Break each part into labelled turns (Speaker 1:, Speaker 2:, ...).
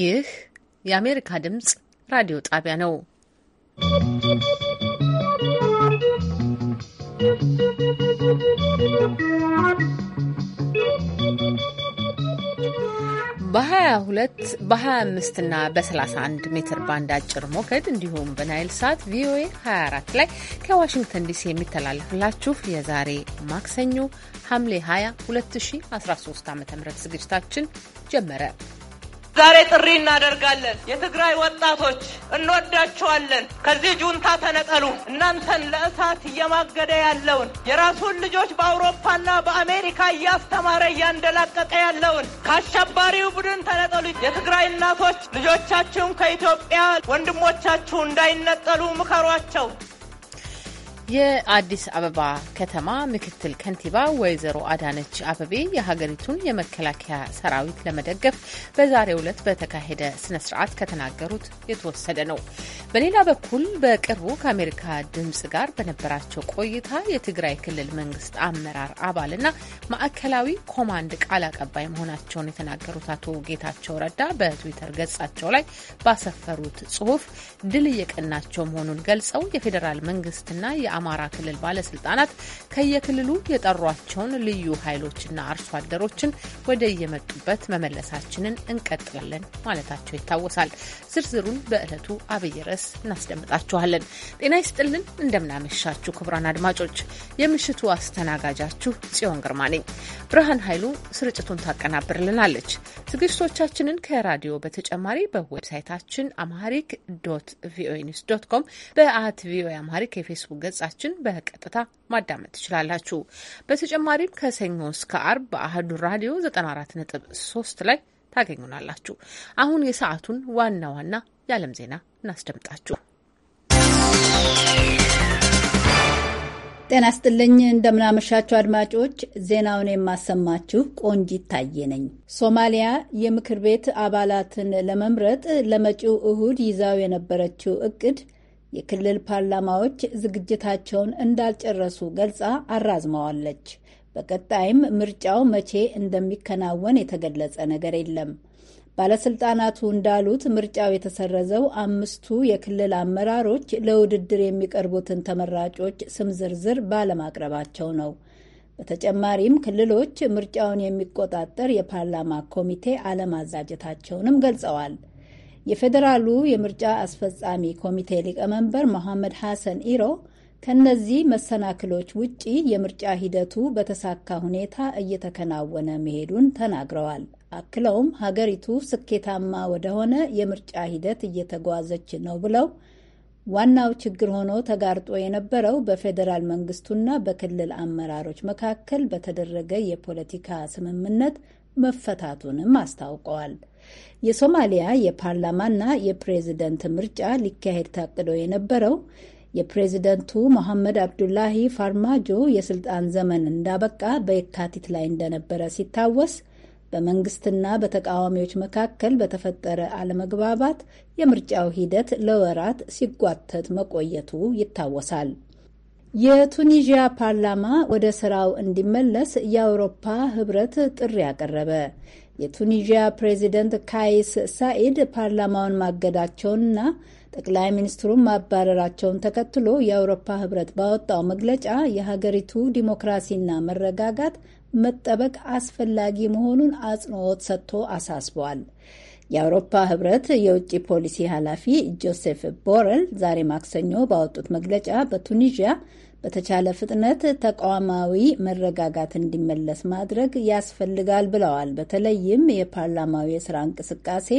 Speaker 1: ይህ የአሜሪካ ድምጽ ራዲዮ ጣቢያ ነው። በ22 በ25 እና በ31 ሜትር ባንድ አጭር ሞገድ እንዲሁም በናይል ሳት ቪኦኤ 24 ላይ ከዋሽንግተን ዲሲ የሚተላለፍላችሁ የዛሬ ማክሰኞ ሐምሌ 20 2013 ዓ ም ዝግጅታችን ጀመረ።
Speaker 2: ዛሬ ጥሪ እናደርጋለን። የትግራይ ወጣቶች እንወዳችኋለን። ከዚህ ጁንታ ተነጠሉ። እናንተን ለእሳት እየማገደ ያለውን የራሱን ልጆች በአውሮፓና በአሜሪካ እያስተማረ እያንደላቀቀ ያለውን ከአሸባሪው ቡድን ተነጠሉ። የትግራይ እናቶች ልጆቻችሁን ከኢትዮጵያ ወንድሞቻችሁ እንዳይነጠሉ ምከሯቸው።
Speaker 1: የአዲስ አበባ ከተማ ምክትል ከንቲባ ወይዘሮ አዳነች አበቤ የሀገሪቱን የመከላከያ ሰራዊት ለመደገፍ በዛሬው ዕለት በተካሄደ ስነ ስርዓት ከተናገሩት የተወሰደ ነው። በሌላ በኩል በቅርቡ ከአሜሪካ ድምጽ ጋር በነበራቸው ቆይታ የትግራይ ክልል መንግስት አመራር አባልና ማዕከላዊ ኮማንድ ቃል አቀባይ መሆናቸውን የተናገሩት አቶ ጌታቸው ረዳ በትዊተር ገጻቸው ላይ ባሰፈሩት ጽሁፍ ድል እየቀናቸው መሆኑን ገልጸው የፌዴራል መንግስትና የአማራ ክልል ባለስልጣናት ከየክልሉ የጠሯቸውን ልዩ ኃይሎችና አርሶ አደሮችን ወደ የመጡበት መመለሳችንን እንቀጥላለን ማለታቸው ይታወሳል። ዝርዝሩን በዕለቱ አብይ ርዕስ እናስደምጣችኋለን። ጤና ይስጥልን፣ እንደምናመሻችሁ ክቡራን አድማጮች፣ የምሽቱ አስተናጋጃችሁ ጽዮን ግርማ ነኝ። ብርሃን ኃይሉ ስርጭቱን ታቀናብርልናለች። ዝግጅቶቻችንን ከራዲዮ በተጨማሪ በዌብሳይታችን አማሪክ ዶት ቪኦኤ ኒውስ ዶት ኮም፣ በአት ቪኦኤ አማሪክ የፌስቡክ ገጻችን በቀጥታ ማዳመጥ ትችላላችሁ። በተጨማሪም ከሰኞ እስከ አርብ በአህዱ ራዲዮ 94.3 ላይ ታገኙናላችሁ። አሁን የሰዓቱን ዋና ዋና የዓለም ዜና እናስደምጣችሁ።
Speaker 3: ጤና ስጥልኝ እንደምናመሻችሁ አድማጮች፣ ዜናውን የማሰማችሁ ቆንጂ ይታየ ነኝ። ሶማሊያ የምክር ቤት አባላትን ለመምረጥ ለመጪው እሁድ ይዛው የነበረችው እቅድ የክልል ፓርላማዎች ዝግጅታቸውን እንዳልጨረሱ ገልጻ አራዝመዋለች። በቀጣይም ምርጫው መቼ እንደሚከናወን የተገለጸ ነገር የለም። ባለስልጣናቱ እንዳሉት ምርጫው የተሰረዘው አምስቱ የክልል አመራሮች ለውድድር የሚቀርቡትን ተመራጮች ስም ዝርዝር ባለማቅረባቸው ነው። በተጨማሪም ክልሎች ምርጫውን የሚቆጣጠር የፓርላማ ኮሚቴ አለማዛጀታቸውንም ገልጸዋል። የፌዴራሉ የምርጫ አስፈጻሚ ኮሚቴ ሊቀመንበር መሐመድ ሐሰን ኢሮ ከነዚህ መሰናክሎች ውጪ የምርጫ ሂደቱ በተሳካ ሁኔታ እየተከናወነ መሄዱን ተናግረዋል። አክለውም ሀገሪቱ ስኬታማ ወደሆነ የምርጫ ሂደት እየተጓዘች ነው ብለው ዋናው ችግር ሆኖ ተጋርጦ የነበረው በፌዴራል መንግስቱና በክልል አመራሮች መካከል በተደረገ የፖለቲካ ስምምነት መፈታቱንም አስታውቀዋል። የሶማሊያ የፓርላማና የፕሬዝደንት ምርጫ ሊካሄድ ታቅዶ የነበረው የፕሬዚደንቱ መሐመድ አብዱላሂ ፋርማጆ የስልጣን ዘመን እንዳበቃ በየካቲት ላይ እንደነበረ ሲታወስ በመንግስትና በተቃዋሚዎች መካከል በተፈጠረ አለመግባባት የምርጫው ሂደት ለወራት ሲጓተት መቆየቱ ይታወሳል። የቱኒዥያ ፓርላማ ወደ ስራው እንዲመለስ የአውሮፓ ህብረት ጥሪ አቀረበ። የቱኒዥያ ፕሬዚደንት ካይስ ሳኢድ ፓርላማውን ማገዳቸውንና ጠቅላይ ሚኒስትሩን ማባረራቸውን ተከትሎ የአውሮፓ ህብረት ባወጣው መግለጫ የሀገሪቱ ዲሞክራሲና መረጋጋት መጠበቅ አስፈላጊ መሆኑን አጽንኦት ሰጥቶ አሳስቧል። የአውሮፓ ህብረት የውጭ ፖሊሲ ኃላፊ ጆሴፍ ቦረል ዛሬ ማክሰኞ ባወጡት መግለጫ በቱኒዥያ በተቻለ ፍጥነት ተቋማዊ መረጋጋት እንዲመለስ ማድረግ ያስፈልጋል ብለዋል። በተለይም የፓርላማዊ የስራ እንቅስቃሴ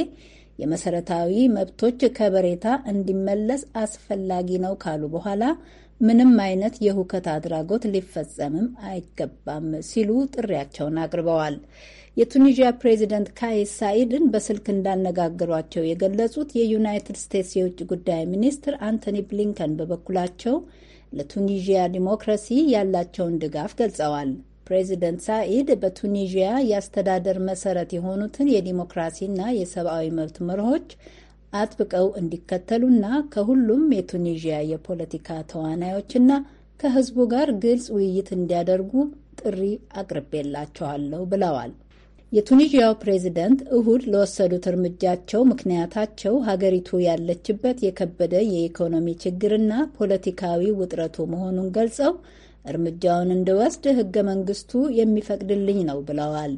Speaker 3: የመሰረታዊ መብቶች ከበሬታ እንዲመለስ አስፈላጊ ነው ካሉ በኋላ ምንም አይነት የሁከት አድራጎት ሊፈጸምም አይገባም ሲሉ ጥሪያቸውን አቅርበዋል። የቱኒዥያ ፕሬዚደንት ካይስ ሳኢድን በስልክ እንዳነጋገሯቸው የገለጹት የዩናይትድ ስቴትስ የውጭ ጉዳይ ሚኒስትር አንቶኒ ብሊንከን በበኩላቸው ለቱኒዥያ ዲሞክራሲ ያላቸውን ድጋፍ ገልጸዋል። ፕሬዚደንት ሳኢድ በቱኒዥያ የአስተዳደር መሰረት የሆኑትን የዲሞክራሲና የሰብአዊ መብት መርሆች አጥብቀው እንዲከተሉና ከሁሉም የቱኒዥያ የፖለቲካ ተዋናዮችና ከህዝቡ ጋር ግልጽ ውይይት እንዲያደርጉ ጥሪ አቅርቤላቸዋለሁ ብለዋል። የቱኒዥያው ፕሬዚደንት እሁድ ለወሰዱት እርምጃቸው ምክንያታቸው ሀገሪቱ ያለችበት የከበደ የኢኮኖሚ ችግርና ፖለቲካዊ ውጥረቱ መሆኑን ገልጸው እርምጃውን እንድወስድ ህገ መንግስቱ የሚፈቅድልኝ ነው ብለዋል።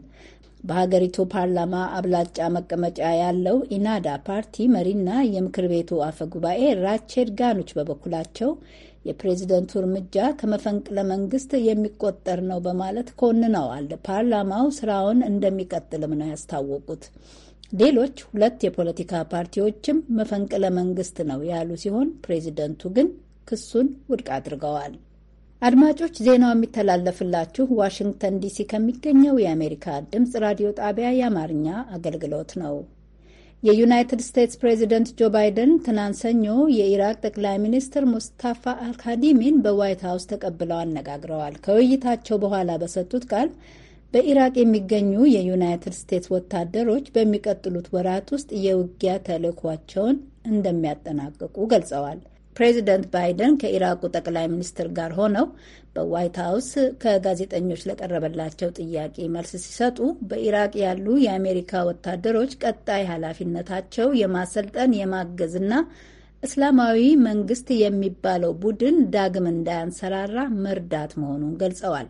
Speaker 3: በሀገሪቱ ፓርላማ አብላጫ መቀመጫ ያለው ኢናዳ ፓርቲ መሪና የምክር ቤቱ አፈ ጉባኤ ራቼድ ጋኑች በበኩላቸው የፕሬዝደንቱ እርምጃ ከመፈንቅለ መንግስት የሚቆጠር ነው በማለት ኮንነዋል። ፓርላማው ስራውን እንደሚቀጥልም ነው ያስታወቁት። ሌሎች ሁለት የፖለቲካ ፓርቲዎችም መፈንቅለ መንግስት ነው ያሉ ሲሆን ፕሬዝደንቱ ግን ክሱን ውድቅ አድርገዋል። አድማጮች ዜናው የሚተላለፍላችሁ ዋሽንግተን ዲሲ ከሚገኘው የአሜሪካ ድምፅ ራዲዮ ጣቢያ የአማርኛ አገልግሎት ነው። የዩናይትድ ስቴትስ ፕሬዚደንት ጆ ባይደን ትናንት ሰኞ የኢራቅ ጠቅላይ ሚኒስትር ሙስታፋ አልካዲሚን በዋይት ሀውስ ተቀብለው አነጋግረዋል። ከውይይታቸው በኋላ በሰጡት ቃል በኢራቅ የሚገኙ የዩናይትድ ስቴትስ ወታደሮች በሚቀጥሉት ወራት ውስጥ የውጊያ ተልዕኳቸውን እንደሚያጠናቅቁ ገልጸዋል። ፕሬዚደንት ባይደን ከኢራቁ ጠቅላይ ሚኒስትር ጋር ሆነው በዋይት ሀውስ ከጋዜጠኞች ለቀረበላቸው ጥያቄ መልስ ሲሰጡ በኢራቅ ያሉ የአሜሪካ ወታደሮች ቀጣይ ኃላፊነታቸው የማሰልጠን የማገዝና እስላማዊ መንግስት የሚባለው ቡድን ዳግም እንዳያንሰራራ መርዳት መሆኑን ገልጸዋል።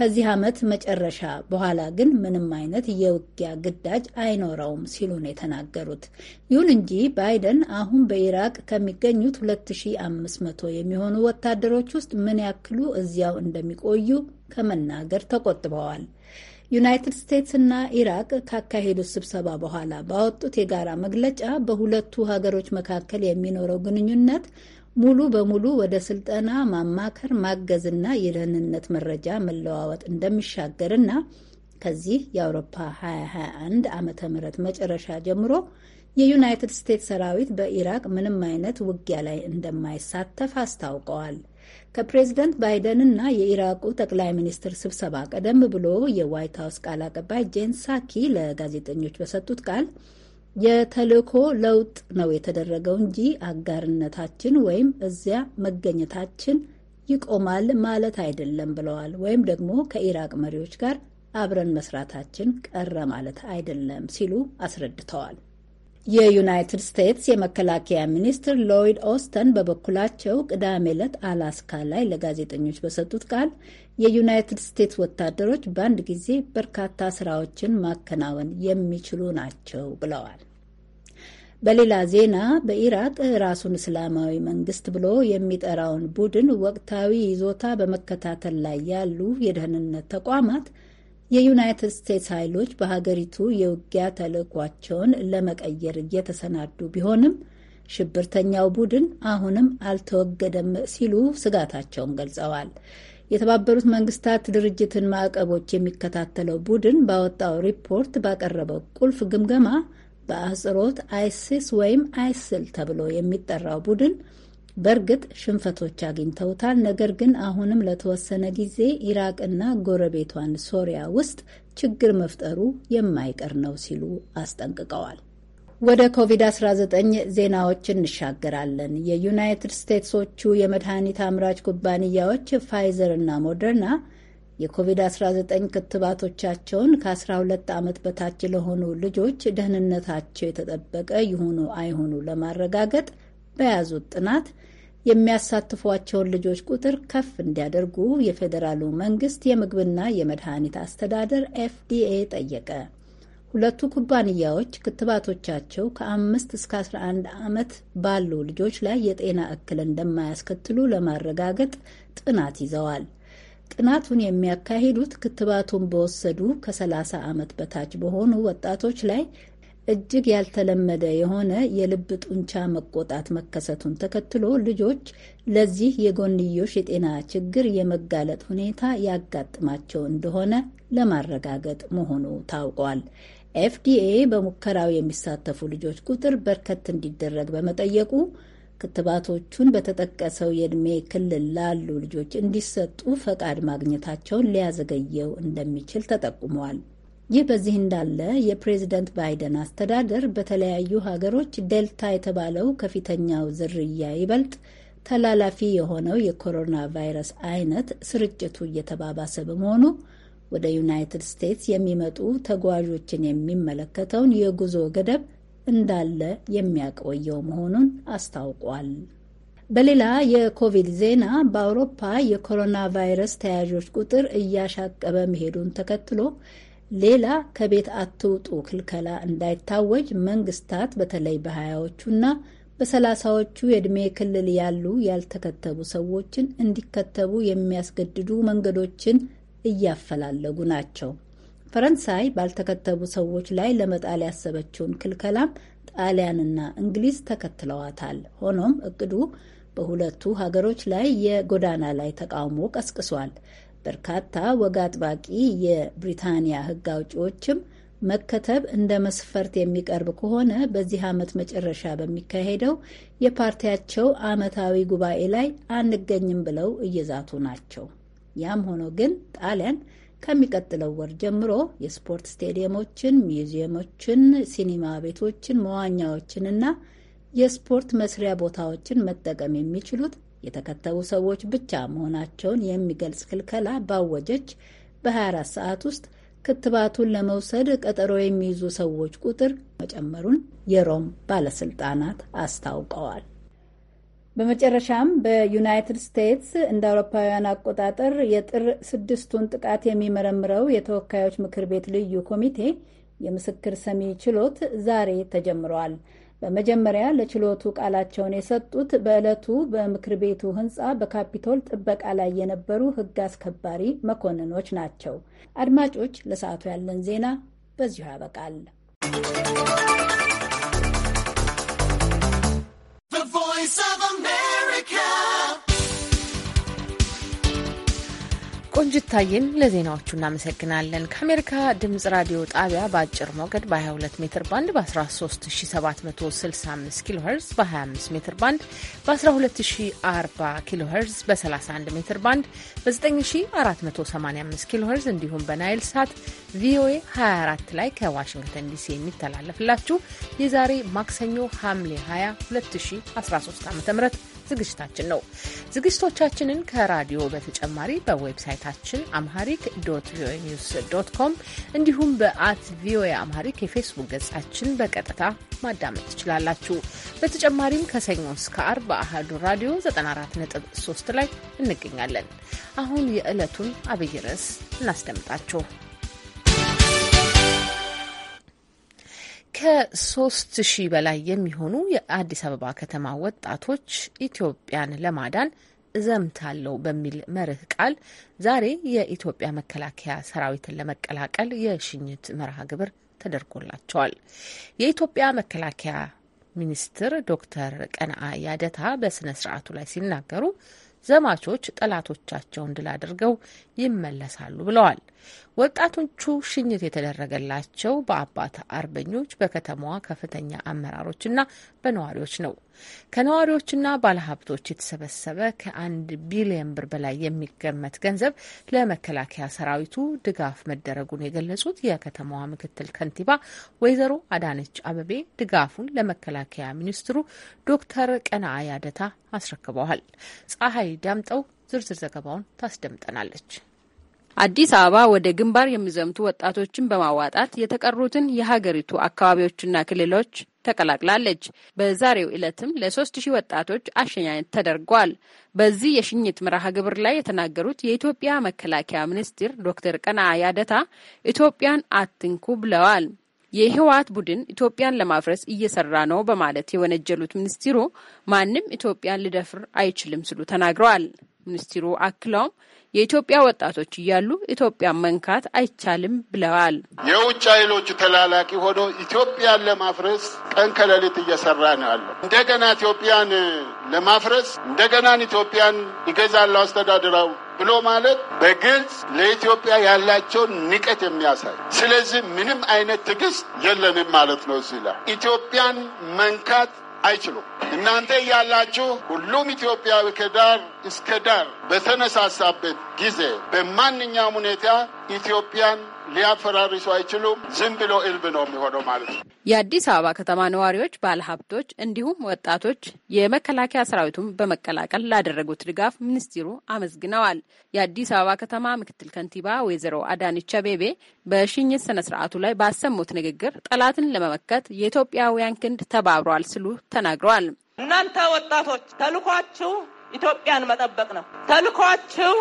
Speaker 3: ከዚህ ዓመት መጨረሻ በኋላ ግን ምንም አይነት የውጊያ ግዳጅ አይኖረውም ሲሉ ነው የተናገሩት። ይሁን እንጂ ባይደን አሁን በኢራቅ ከሚገኙት 2500 የሚሆኑ ወታደሮች ውስጥ ምን ያክሉ እዚያው እንደሚቆዩ ከመናገር ተቆጥበዋል። ዩናይትድ ስቴትስ እና ኢራቅ ካካሄዱት ስብሰባ በኋላ ባወጡት የጋራ መግለጫ በሁለቱ ሀገሮች መካከል የሚኖረው ግንኙነት ሙሉ በሙሉ ወደ ስልጠና ማማከር፣ ማገዝና የደህንነት መረጃ መለዋወጥ እንደሚሻገርና ከዚህ የአውሮፓ 2021 ዓመተ ምህረት መጨረሻ ጀምሮ የዩናይትድ ስቴትስ ሰራዊት በኢራቅ ምንም አይነት ውጊያ ላይ እንደማይሳተፍ አስታውቀዋል። ከፕሬዝደንት ባይደን እና የኢራቁ ጠቅላይ ሚኒስትር ስብሰባ ቀደም ብሎ የዋይት ሀውስ ቃል አቀባይ ጄን ሳኪ ለጋዜጠኞች በሰጡት ቃል የተልእኮ ለውጥ ነው የተደረገው እንጂ አጋርነታችን ወይም እዚያ መገኘታችን ይቆማል ማለት አይደለም ብለዋል። ወይም ደግሞ ከኢራቅ መሪዎች ጋር አብረን መስራታችን ቀረ ማለት አይደለም ሲሉ አስረድተዋል። የዩናይትድ ስቴትስ የመከላከያ ሚኒስትር ሎይድ ኦስተን በበኩላቸው ቅዳሜ ዕለት አላስካ ላይ ለጋዜጠኞች በሰጡት ቃል የዩናይትድ ስቴትስ ወታደሮች በአንድ ጊዜ በርካታ ስራዎችን ማከናወን የሚችሉ ናቸው ብለዋል። በሌላ ዜና በኢራቅ ራሱን እስላማዊ መንግስት ብሎ የሚጠራውን ቡድን ወቅታዊ ይዞታ በመከታተል ላይ ያሉ የደህንነት ተቋማት የዩናይትድ ስቴትስ ኃይሎች በሀገሪቱ የውጊያ ተልዕኳቸውን ለመቀየር እየተሰናዱ ቢሆንም ሽብርተኛው ቡድን አሁንም አልተወገደም ሲሉ ስጋታቸውን ገልጸዋል። የተባበሩት መንግስታት ድርጅትን ማዕቀቦች የሚከታተለው ቡድን ባወጣው ሪፖርት ባቀረበው ቁልፍ ግምገማ በአህጽሮት አይሲስ ወይም አይስል ተብሎ የሚጠራው ቡድን በእርግጥ ሽንፈቶች አግኝተውታል። ነገር ግን አሁንም ለተወሰነ ጊዜ ኢራቅና ጎረቤቷን ሶሪያ ውስጥ ችግር መፍጠሩ የማይቀር ነው ሲሉ አስጠንቅቀዋል። ወደ ኮቪድ-19 ዜናዎች እንሻገራለን። የዩናይትድ ስቴትሶቹ የመድኃኒት አምራች ኩባንያዎች ፋይዘር እና ሞደርና የኮቪድ-19 ክትባቶቻቸውን ከ12 ዓመት በታች ለሆኑ ልጆች ደህንነታቸው የተጠበቀ ይሁኑ አይሁኑ ለማረጋገጥ በያዙት ጥናት የሚያሳትፏቸውን ልጆች ቁጥር ከፍ እንዲያደርጉ የፌዴራሉ መንግስት የምግብና የመድኃኒት አስተዳደር ኤፍዲኤ ጠየቀ። ሁለቱ ኩባንያዎች ክትባቶቻቸው ከአምስት እስከ 11 ዓመት ባሉ ልጆች ላይ የጤና እክል እንደማያስከትሉ ለማረጋገጥ ጥናት ይዘዋል። ጥናቱን የሚያካሂዱት ክትባቱን በወሰዱ ከ30 ዓመት በታች በሆኑ ወጣቶች ላይ እጅግ ያልተለመደ የሆነ የልብ ጡንቻ መቆጣት መከሰቱን ተከትሎ ልጆች ለዚህ የጎንዮሽ የጤና ችግር የመጋለጥ ሁኔታ ያጋጥማቸው እንደሆነ ለማረጋገጥ መሆኑ ታውቋል። ኤፍዲኤ በሙከራው የሚሳተፉ ልጆች ቁጥር በርከት እንዲደረግ በመጠየቁ ክትባቶቹን በተጠቀሰው የዕድሜ ክልል ላሉ ልጆች እንዲሰጡ ፈቃድ ማግኘታቸውን ሊያዘገየው እንደሚችል ተጠቁመዋል። ይህ በዚህ እንዳለ የፕሬዝደንት ባይደን አስተዳደር በተለያዩ ሀገሮች ዴልታ የተባለው ከፊተኛው ዝርያ ይበልጥ ተላላፊ የሆነው የኮሮና ቫይረስ አይነት ስርጭቱ እየተባባሰ በመሆኑ ወደ ዩናይትድ ስቴትስ የሚመጡ ተጓዦችን የሚመለከተውን የጉዞ ገደብ እንዳለ የሚያቆየው መሆኑን አስታውቋል። በሌላ የኮቪድ ዜና በአውሮፓ የኮሮና ቫይረስ ተያዦች ቁጥር እያሻቀበ መሄዱን ተከትሎ ሌላ ከቤት አትውጡ ክልከላ እንዳይታወጅ መንግስታት በተለይ በሀያዎቹና በሰላሳዎቹ የዕድሜ ክልል ያሉ ያልተከተቡ ሰዎችን እንዲከተቡ የሚያስገድዱ መንገዶችን እያፈላለጉ ናቸው። ፈረንሳይ ባልተከተቡ ሰዎች ላይ ለመጣል ያሰበችውን ክልከላም ጣሊያንና እንግሊዝ ተከትለዋታል። ሆኖም እቅዱ በሁለቱ ሀገሮች ላይ የጎዳና ላይ ተቃውሞ ቀስቅሷል። በርካታ ወግ አጥባቂ የብሪታንያ ሕግ አውጪዎችም መከተብ እንደ መስፈርት የሚቀርብ ከሆነ በዚህ ዓመት መጨረሻ በሚካሄደው የፓርቲያቸው ዓመታዊ ጉባኤ ላይ አንገኝም ብለው እየዛቱ ናቸው። ያም ሆኖ ግን ጣሊያን ከሚቀጥለው ወር ጀምሮ የስፖርት ስቴዲየሞችን፣ ሚውዚየሞችን፣ ሲኒማ ቤቶችን፣ መዋኛዎችንና የስፖርት መስሪያ ቦታዎችን መጠቀም የሚችሉት የተከተቡ ሰዎች ብቻ መሆናቸውን የሚገልጽ ክልከላ ባወጀች በ24 ሰዓት ውስጥ ክትባቱን ለመውሰድ ቀጠሮ የሚይዙ ሰዎች ቁጥር መጨመሩን የሮም ባለስልጣናት አስታውቀዋል። በመጨረሻም በዩናይትድ ስቴትስ እንደ አውሮፓውያን አቆጣጠር የጥር ስድስቱን ጥቃት የሚመረምረው የተወካዮች ምክር ቤት ልዩ ኮሚቴ የምስክር ሰሚ ችሎት ዛሬ ተጀምረዋል። በመጀመሪያ ለችሎቱ ቃላቸውን የሰጡት በዕለቱ በምክር ቤቱ ሕንፃ በካፒቶል ጥበቃ ላይ የነበሩ ሕግ አስከባሪ መኮንኖች ናቸው። አድማጮች፣ ለሰዓቱ ያለን ዜና በዚሁ ያበቃል።
Speaker 4: ቮይስ ኦፍ አሜሪካ
Speaker 1: ቆንጅታዬን ለዜናዎቹ እናመሰግናለን። ከአሜሪካ ድምጽ ራዲዮ ጣቢያ በአጭር ሞገድ በ22 ሜትር ባንድ በ13765 ኪሎ ሄርዝ በ25 ሜትር ባንድ በ1240 ኪሎ ሄርዝ በ31 ሜትር ባንድ በ9485 ኪሎ ሄርዝ እንዲሁም በናይል ሳት ቪኦኤ 24 ላይ ከዋሽንግተን ዲሲ የሚተላለፍላችሁ የዛሬ ማክሰኞ ሐምሌ 20 2013 ዓ ም ዝግጅታችን ነው። ዝግጅቶቻችንን ከራዲዮ በተጨማሪ በዌብሳይታችን አምሃሪክ ዶት ቪኦኤ ኒውስ ዶት ኮም እንዲሁም በአት ቪኦኤ አምሃሪክ የፌስቡክ ገጻችን በቀጥታ ማዳመጥ ትችላላችሁ። በተጨማሪም ከሰኞ እስከ አርብ በአህዱ ራዲዮ 94.3 ላይ እንገኛለን። አሁን የዕለቱን አብይ ርዕስ እናስደምጣችሁ። ከሶስት ሺህ በላይ የሚሆኑ የአዲስ አበባ ከተማ ወጣቶች ኢትዮጵያን ለማዳን እዘምታለው በሚል መርህ ቃል ዛሬ የኢትዮጵያ መከላከያ ሰራዊትን ለመቀላቀል የሽኝት መርሃ ግብር ተደርጎላቸዋል። የኢትዮጵያ መከላከያ ሚኒስትር ዶክተር ቀነአ ያደታ በስነ ስርዓቱ ላይ ሲናገሩ ዘማቾች ጠላቶቻቸውን ድል አድርገው ይመለሳሉ ብለዋል። ወጣቶቹ ሽኝት የተደረገላቸው በአባት አርበኞች፣ በከተማዋ ከፍተኛ አመራሮችና በነዋሪዎች ነው። ከነዋሪዎችና ባለሀብቶች የተሰበሰበ ከአንድ ቢሊየን ብር በላይ የሚገመት ገንዘብ ለመከላከያ ሰራዊቱ ድጋፍ መደረጉን የገለጹት የከተማዋ ምክትል ከንቲባ ወይዘሮ አዳነች አበቤ ድጋፉን ለመከላከያ ሚኒስትሩ ዶክተር ቀነዓ ያደታ አስረክበዋል። ፀሐይ ዳምጠው ዝርዝር ዘገባውን ታስደምጠናለች።
Speaker 5: አዲስ አበባ ወደ ግንባር የሚዘምቱ ወጣቶችን በማዋጣት የተቀሩትን የሀገሪቱ አካባቢዎችና ክልሎች ተቀላቅላለች። በዛሬው ዕለትም ለሶስት ሺህ ወጣቶች አሸኛኘት ተደርጓል። በዚህ የሽኝት መርሃ ግብር ላይ የተናገሩት የኢትዮጵያ መከላከያ ሚኒስትር ዶክተር ቀነዓ ያደታ ኢትዮጵያን አትንኩ ብለዋል። የህወሓት ቡድን ኢትዮጵያን ለማፍረስ እየሰራ ነው በማለት የወነጀሉት ሚኒስትሩ ማንም ኢትዮጵያን ሊደፍር አይችልም ሲሉ ተናግረዋል። ሚኒስትሩ አክለውም የኢትዮጵያ ወጣቶች እያሉ ኢትዮጵያን መንካት አይቻልም ብለዋል።
Speaker 6: የውጭ ኃይሎች ተላላቂ ሆኖ ኢትዮጵያን ለማፍረስ ቀን ከሌሊት እየሰራ ነው ያለው። እንደገና ኢትዮጵያን ለማፍረስ እንደገናን ኢትዮጵያን ይገዛለው አስተዳድራው ብሎ ማለት በግልጽ ለኢትዮጵያ ያላቸውን ንቀት የሚያሳይ ስለዚህ ምንም አይነት ትዕግስት የለንም ማለት ነው። እዚህ ላይ ኢትዮጵያን መንካት አይችሉም። እናንተ እያላችሁ ሁሉም ኢትዮጵያዊ ከዳር እስከ ዳር በተነሳሳበት ጊዜ በማንኛውም ሁኔታ ኢትዮጵያን ሊያፈራርሱ አይችሉም። ዝም ብሎ እልብ ነው የሚሆነው ማለት ነው።
Speaker 5: የአዲስ አበባ ከተማ ነዋሪዎች፣ ባለሀብቶች እንዲሁም ወጣቶች የመከላከያ ሰራዊቱን በመቀላቀል ላደረጉት ድጋፍ ሚኒስትሩ አመስግነዋል። የአዲስ አበባ ከተማ ምክትል ከንቲባ ወይዘሮ አዳነች አቤቤ በሽኝት ስነ ስርዓቱ ላይ ባሰሙት ንግግር ጠላትን ለመመከት የኢትዮጵያውያን ክንድ ተባብሯል ስሉ ተናግረዋል።
Speaker 2: እናንተ ወጣቶች ተልኳችሁ ኢትዮጵያን መጠበቅ ነው። ተልኳችሁ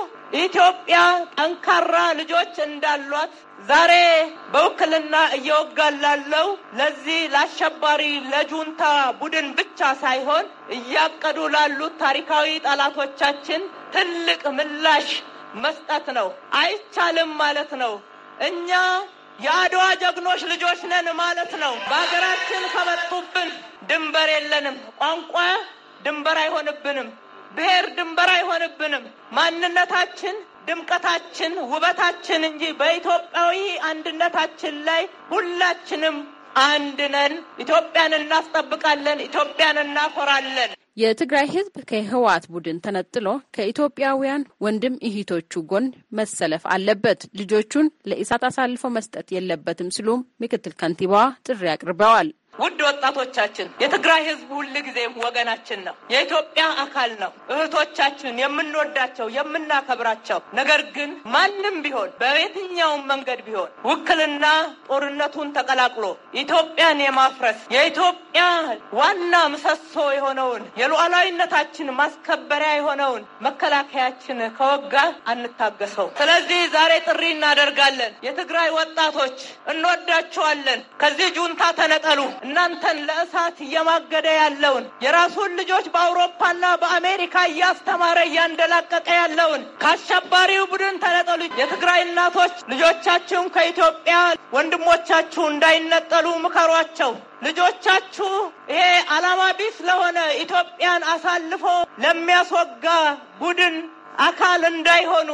Speaker 2: ኢትዮጵያ ጠንካራ ልጆች እንዳሏት ዛሬ በውክልና እየወጋላለው ላለው ለዚህ ለአሸባሪ ለጁንታ ቡድን ብቻ ሳይሆን እያቀዱ ላሉት ታሪካዊ ጠላቶቻችን ትልቅ ምላሽ መስጠት ነው። አይቻልም ማለት ነው። እኛ የአድዋ ጀግኖች ልጆች ነን ማለት ነው። በሀገራችን ከመጡብን ድንበር የለንም። ቋንቋ ድንበር አይሆንብንም። ብሔር ድንበር አይሆንብንም። ማንነታችን ድምቀታችን፣ ውበታችን እንጂ በኢትዮጵያዊ አንድነታችን ላይ ሁላችንም አንድ ነን። ኢትዮጵያን እናስጠብቃለን። ኢትዮጵያን እናኮራለን።
Speaker 5: የትግራይ ሕዝብ ከህወሓት ቡድን ተነጥሎ ከኢትዮጵያውያን ወንድም እህቶቹ ጎን መሰለፍ አለበት፣ ልጆቹን ለኢሳት አሳልፎ መስጠት የለበትም ሲሉም ምክትል ከንቲባዋ ጥሪ አቅርበዋል።
Speaker 2: ውድ ወጣቶቻችን፣ የትግራይ ህዝብ ጊዜ ወገናችን ነው፣ የኢትዮጵያ አካል ነው። እህቶቻችን የምንወዳቸው የምናከብራቸው፣ ነገር ግን ማንም ቢሆን በየትኛውም መንገድ ቢሆን ውክልና ጦርነቱን ተቀላቅሎ ኢትዮጵያን የማፍረስ የኢትዮጵያ ዋና ምሰሶ የሆነውን የሉዓላዊነታችን ማስከበሪያ የሆነውን መከላከያችን ከወጋ አንታገሰው። ስለዚህ ዛሬ ጥሪ እናደርጋለን። የትግራይ ወጣቶች እንወዳችኋለን። ከዚህ ጁንታ ተነጠሉ። እናንተን ለእሳት እየማገደ ያለውን የራሱን ልጆች በአውሮፓና በአሜሪካ እያስተማረ እያንደላቀቀ ያለውን ከአሸባሪው ቡድን ተነጠሉ። የትግራይ እናቶች ልጆቻችሁን ከኢትዮጵያ ወንድሞቻችሁ እንዳይነጠሉ ምከሯቸው። ልጆቻችሁ ይሄ አላማ ቢስ ለሆነ ኢትዮጵያን አሳልፎ ለሚያስወጋ ቡድን አካል እንዳይሆኑ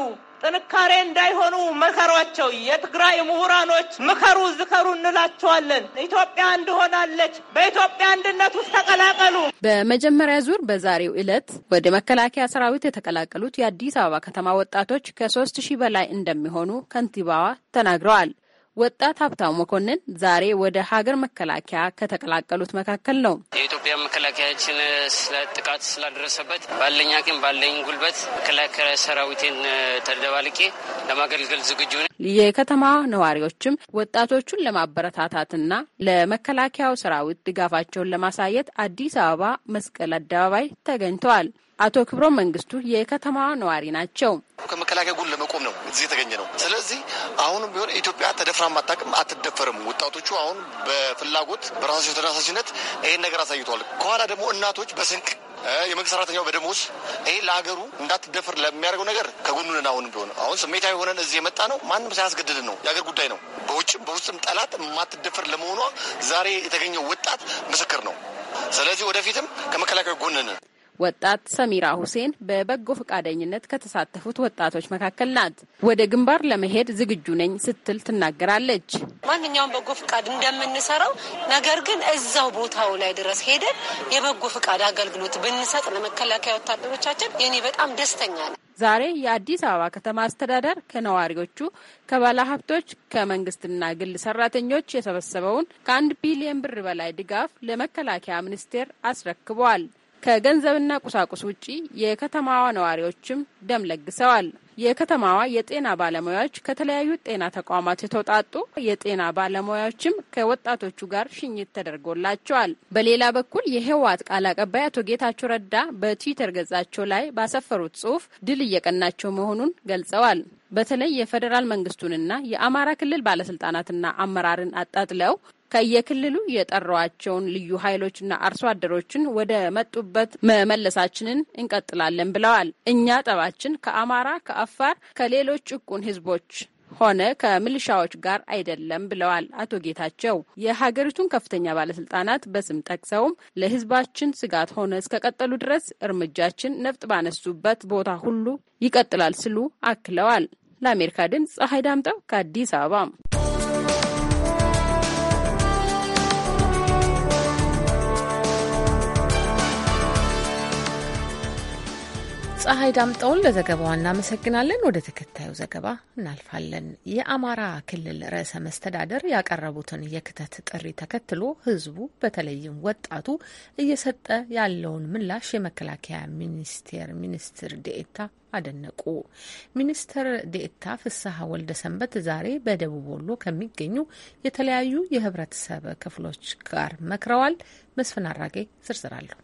Speaker 2: ጥንካሬ እንዳይሆኑ መከሯቸው። የትግራይ ምሁራኖች ምከሩ፣ ዝከሩ እንላቸዋለን። ኢትዮጵያ እንድሆናለች በኢትዮጵያ አንድነት ውስጥ ተቀላቀሉ።
Speaker 5: በመጀመሪያ ዙር በዛሬው ዕለት ወደ መከላከያ ሰራዊት የተቀላቀሉት የአዲስ አበባ ከተማ ወጣቶች ከሶስት ሺህ በላይ እንደሚሆኑ ከንቲባዋ ተናግረዋል። ወጣት ሀብታሙ መኮንን ዛሬ ወደ ሀገር መከላከያ ከተቀላቀሉት መካከል ነው።
Speaker 7: የኢትዮጵያ መከላከያችን ስለ ጥቃት ስላደረሰበት ባለኝ አቅም ባለኝ ጉልበት መከላከያ ሰራዊቴን ተደባልቄ ለማገልገል ዝግጁ ነኝ።
Speaker 5: የከተማ ነዋሪዎችም ወጣቶቹን ለማበረታታትና ለመከላከያው ሰራዊት ድጋፋቸውን ለማሳየት አዲስ አበባ መስቀል አደባባይ ተገኝተዋል። አቶ ክብሮ መንግስቱ የከተማዋ ነዋሪ ናቸው።
Speaker 8: ከመከላከያ ጎን ለመቆም ነው እዚህ የተገኘ ነው። ስለዚህ አሁንም ቢሆን ኢትዮጵያ ተደፍራ ማታቅም አትደፈርም። ወጣቶቹ አሁን በፍላጎት በራሳቸው ተነሳሽነት ይህን ነገር አሳይተዋል። ከኋላ ደግሞ እናቶች በስንቅ የመንግስት ሰራተኛው በደሞዝ ይህ ለሀገሩ እንዳትደፍር ለሚያደርገው ነገር ከጎኑ አሁን ቢሆን አሁን ስሜታዊ የሆነን እዚህ የመጣ ነው። ማንም ሳያስገድድን ነው። የሀገር ጉዳይ ነው። በውጭም በውስጥም ጠላት የማትደፍር ለመሆኗ ዛሬ የተገኘው ወጣት ምስክር ነው።
Speaker 7: ስለዚህ ወደፊትም ከመከላከያ ጎንን
Speaker 5: ወጣት ሰሚራ ሁሴን በበጎ ፈቃደኝነት ከተሳተፉት ወጣቶች መካከል ናት። ወደ ግንባር ለመሄድ ዝግጁ ነኝ ስትል ትናገራለች።
Speaker 3: ማንኛውም በጎ ፈቃድ እንደምንሰራው ነገር ግን እዛው ቦታው ላይ ድረስ ሄደን የበጎ ፈቃድ አገልግሎት ብንሰጥ ለመከላከያ ወታደሮቻችን የኔ በጣም ደስተኛ
Speaker 5: ነው። ዛሬ የአዲስ አበባ ከተማ አስተዳደር ከነዋሪዎቹ፣ ከባለሀብቶች፣ ከመንግስትና ግል ሰራተኞች የሰበሰበውን ከአንድ ቢሊየን ብር በላይ ድጋፍ ለመከላከያ ሚኒስቴር አስረክበዋል። ከገንዘብና ቁሳቁስ ውጪ የከተማዋ ነዋሪዎችም ደም ለግሰዋል። የከተማዋ የጤና ባለሙያዎች ከተለያዩ ጤና ተቋማት የተውጣጡ የጤና ባለሙያዎችም ከወጣቶቹ ጋር ሽኝት ተደርጎላቸዋል። በሌላ በኩል የህወሓት ቃል አቀባይ አቶ ጌታቸው ረዳ በትዊተር ገጻቸው ላይ ባሰፈሩት ጽሁፍ ድል እየቀናቸው መሆኑን ገልጸዋል። በተለይ የፌዴራል መንግስቱንና የአማራ ክልል ባለስልጣናትና አመራርን አጣጥለው ከየክልሉ የጠሯቸውን ልዩ ኃይሎችና አርሶ አደሮችን ወደ መጡበት መመለሳችንን እንቀጥላለን ብለዋል። እኛ ጠባችን ከአማራ፣ ከአፋር፣ ከሌሎች ጭቁን ህዝቦች ሆነ ከምልሻዎች ጋር አይደለም ብለዋል አቶ ጌታቸው። የሀገሪቱን ከፍተኛ ባለስልጣናት በስም ጠቅሰውም ለህዝባችን ስጋት ሆነ እስከቀጠሉ ድረስ እርምጃችን ነፍጥ ባነሱበት ቦታ ሁሉ ይቀጥላል ሲሉ አክለዋል። ለአሜሪካ ድምፅ ፀሐይ ዳምጠው ከአዲስ አበባ
Speaker 1: ፀሐይ ዳምጠውን ለዘገባዋ እናመሰግናለን። ወደ ተከታዩ ዘገባ እናልፋለን። የአማራ ክልል ርዕሰ መስተዳደር ያቀረቡትን የክተት ጥሪ ተከትሎ ሕዝቡ በተለይም ወጣቱ እየሰጠ ያለውን ምላሽ የመከላከያ ሚኒስቴር ሚኒስትር ዴኤታ አደነቁ። ሚኒስትር ዴኤታ ፍስሐ ወልደ ሰንበት ዛሬ በደቡብ ወሎ ከሚገኙ የተለያዩ የህብረተሰብ ክፍሎች ጋር መክረዋል። መስፍን አራጌ ዝርዝር አለሁ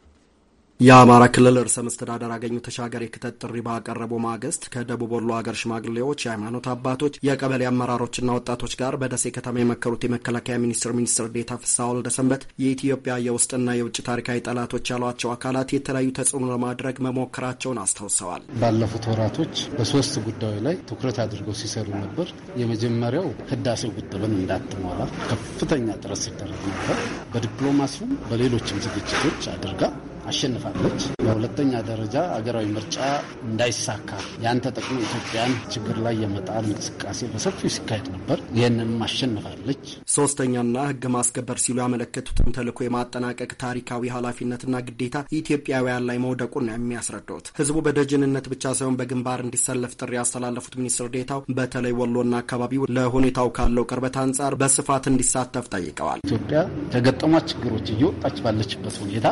Speaker 9: የአማራ ክልል ርዕሰ መስተዳደር አገኙ ተሻገር የክተት ጥሪ ባቀረቡ ማግስት ከደቡብ ወሎ ሀገር ሽማግሌዎች፣ የሃይማኖት አባቶች፣ የቀበሌ አመራሮችና ወጣቶች ጋር በደሴ ከተማ የመከሩት የመከላከያ ሚኒስትር ሚኒስትር ዴታ ፍስሐ ወልደሰንበት የኢትዮጵያ የውስጥና የውጭ ታሪካዊ ጠላቶች ያሏቸው አካላት የተለያዩ ተጽዕኖ ለማድረግ መሞከራቸውን አስታውሰዋል።
Speaker 8: ባለፉት ወራቶች በሶስት ጉዳዮች ላይ ትኩረት አድርገው ሲሰሩ ነበር። የመጀመሪያው ህዳሴ ግድብን እንዳትሞላ ከፍተኛ ጥረት ሲደረግ ነበር። በዲፕሎማሲውም በሌሎችም ዝግጅቶች አድርጋ አሸንፋለች። በሁለተኛ ደረጃ አገራዊ ምርጫ እንዳይሳካ ያን ተጠቅሞ ኢትዮጵያን ችግር ላይ የመጣል እንቅስቃሴ በሰፊው ሲካሄድ ነበር። ይህንንም አሸንፋለች። ሶስተኛና ህግ ማስከበር ሲሉ ያመለከቱትን ተልኮ የማጠናቀቅ
Speaker 9: ታሪካዊ ኃላፊነትና ግዴታ ኢትዮጵያውያን ላይ መውደቁን ነው የሚያስረዱት። ህዝቡ በደጅንነት ብቻ ሳይሆን በግንባር እንዲሰለፍ ጥሪ ያስተላለፉት ሚኒስትር ዴታው በተለይ ወሎና አካባቢው ለሁኔታው ካለው ቅርበት አንጻር በስፋት እንዲሳተፍ ጠይቀዋል።
Speaker 8: ኢትዮጵያ ከገጠሟት ችግሮች እየወጣች ባለችበት ሁኔታ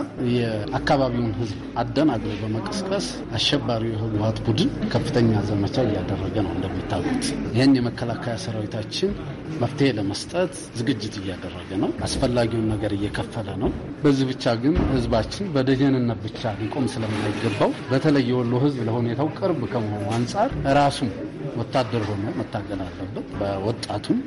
Speaker 8: የአካባቢውን ህዝብ አደናግሮ በመቀስቀስ አሸባሪው የህወሀት ቡድን ከፍተኛ ዘመቻ እያደረገ ነው። እንደሚታወቅ ይህን የመከላከያ ሰራዊታችን መፍትሄ ለመስጠት ዝግጅት እያደረገ ነው። አስፈላጊውን ነገር እየከፈለ ነው። በዚህ ብቻ ግን ህዝባችን በደጀንነት ብቻ ሊቆም ስለማይገባው በተለይ የወሎ ህዝብ ለሁኔታው ቅርብ ከመሆኑ አንጻር ራሱም ወታደር ሆኖ መታገል አለበት። በወጣቱም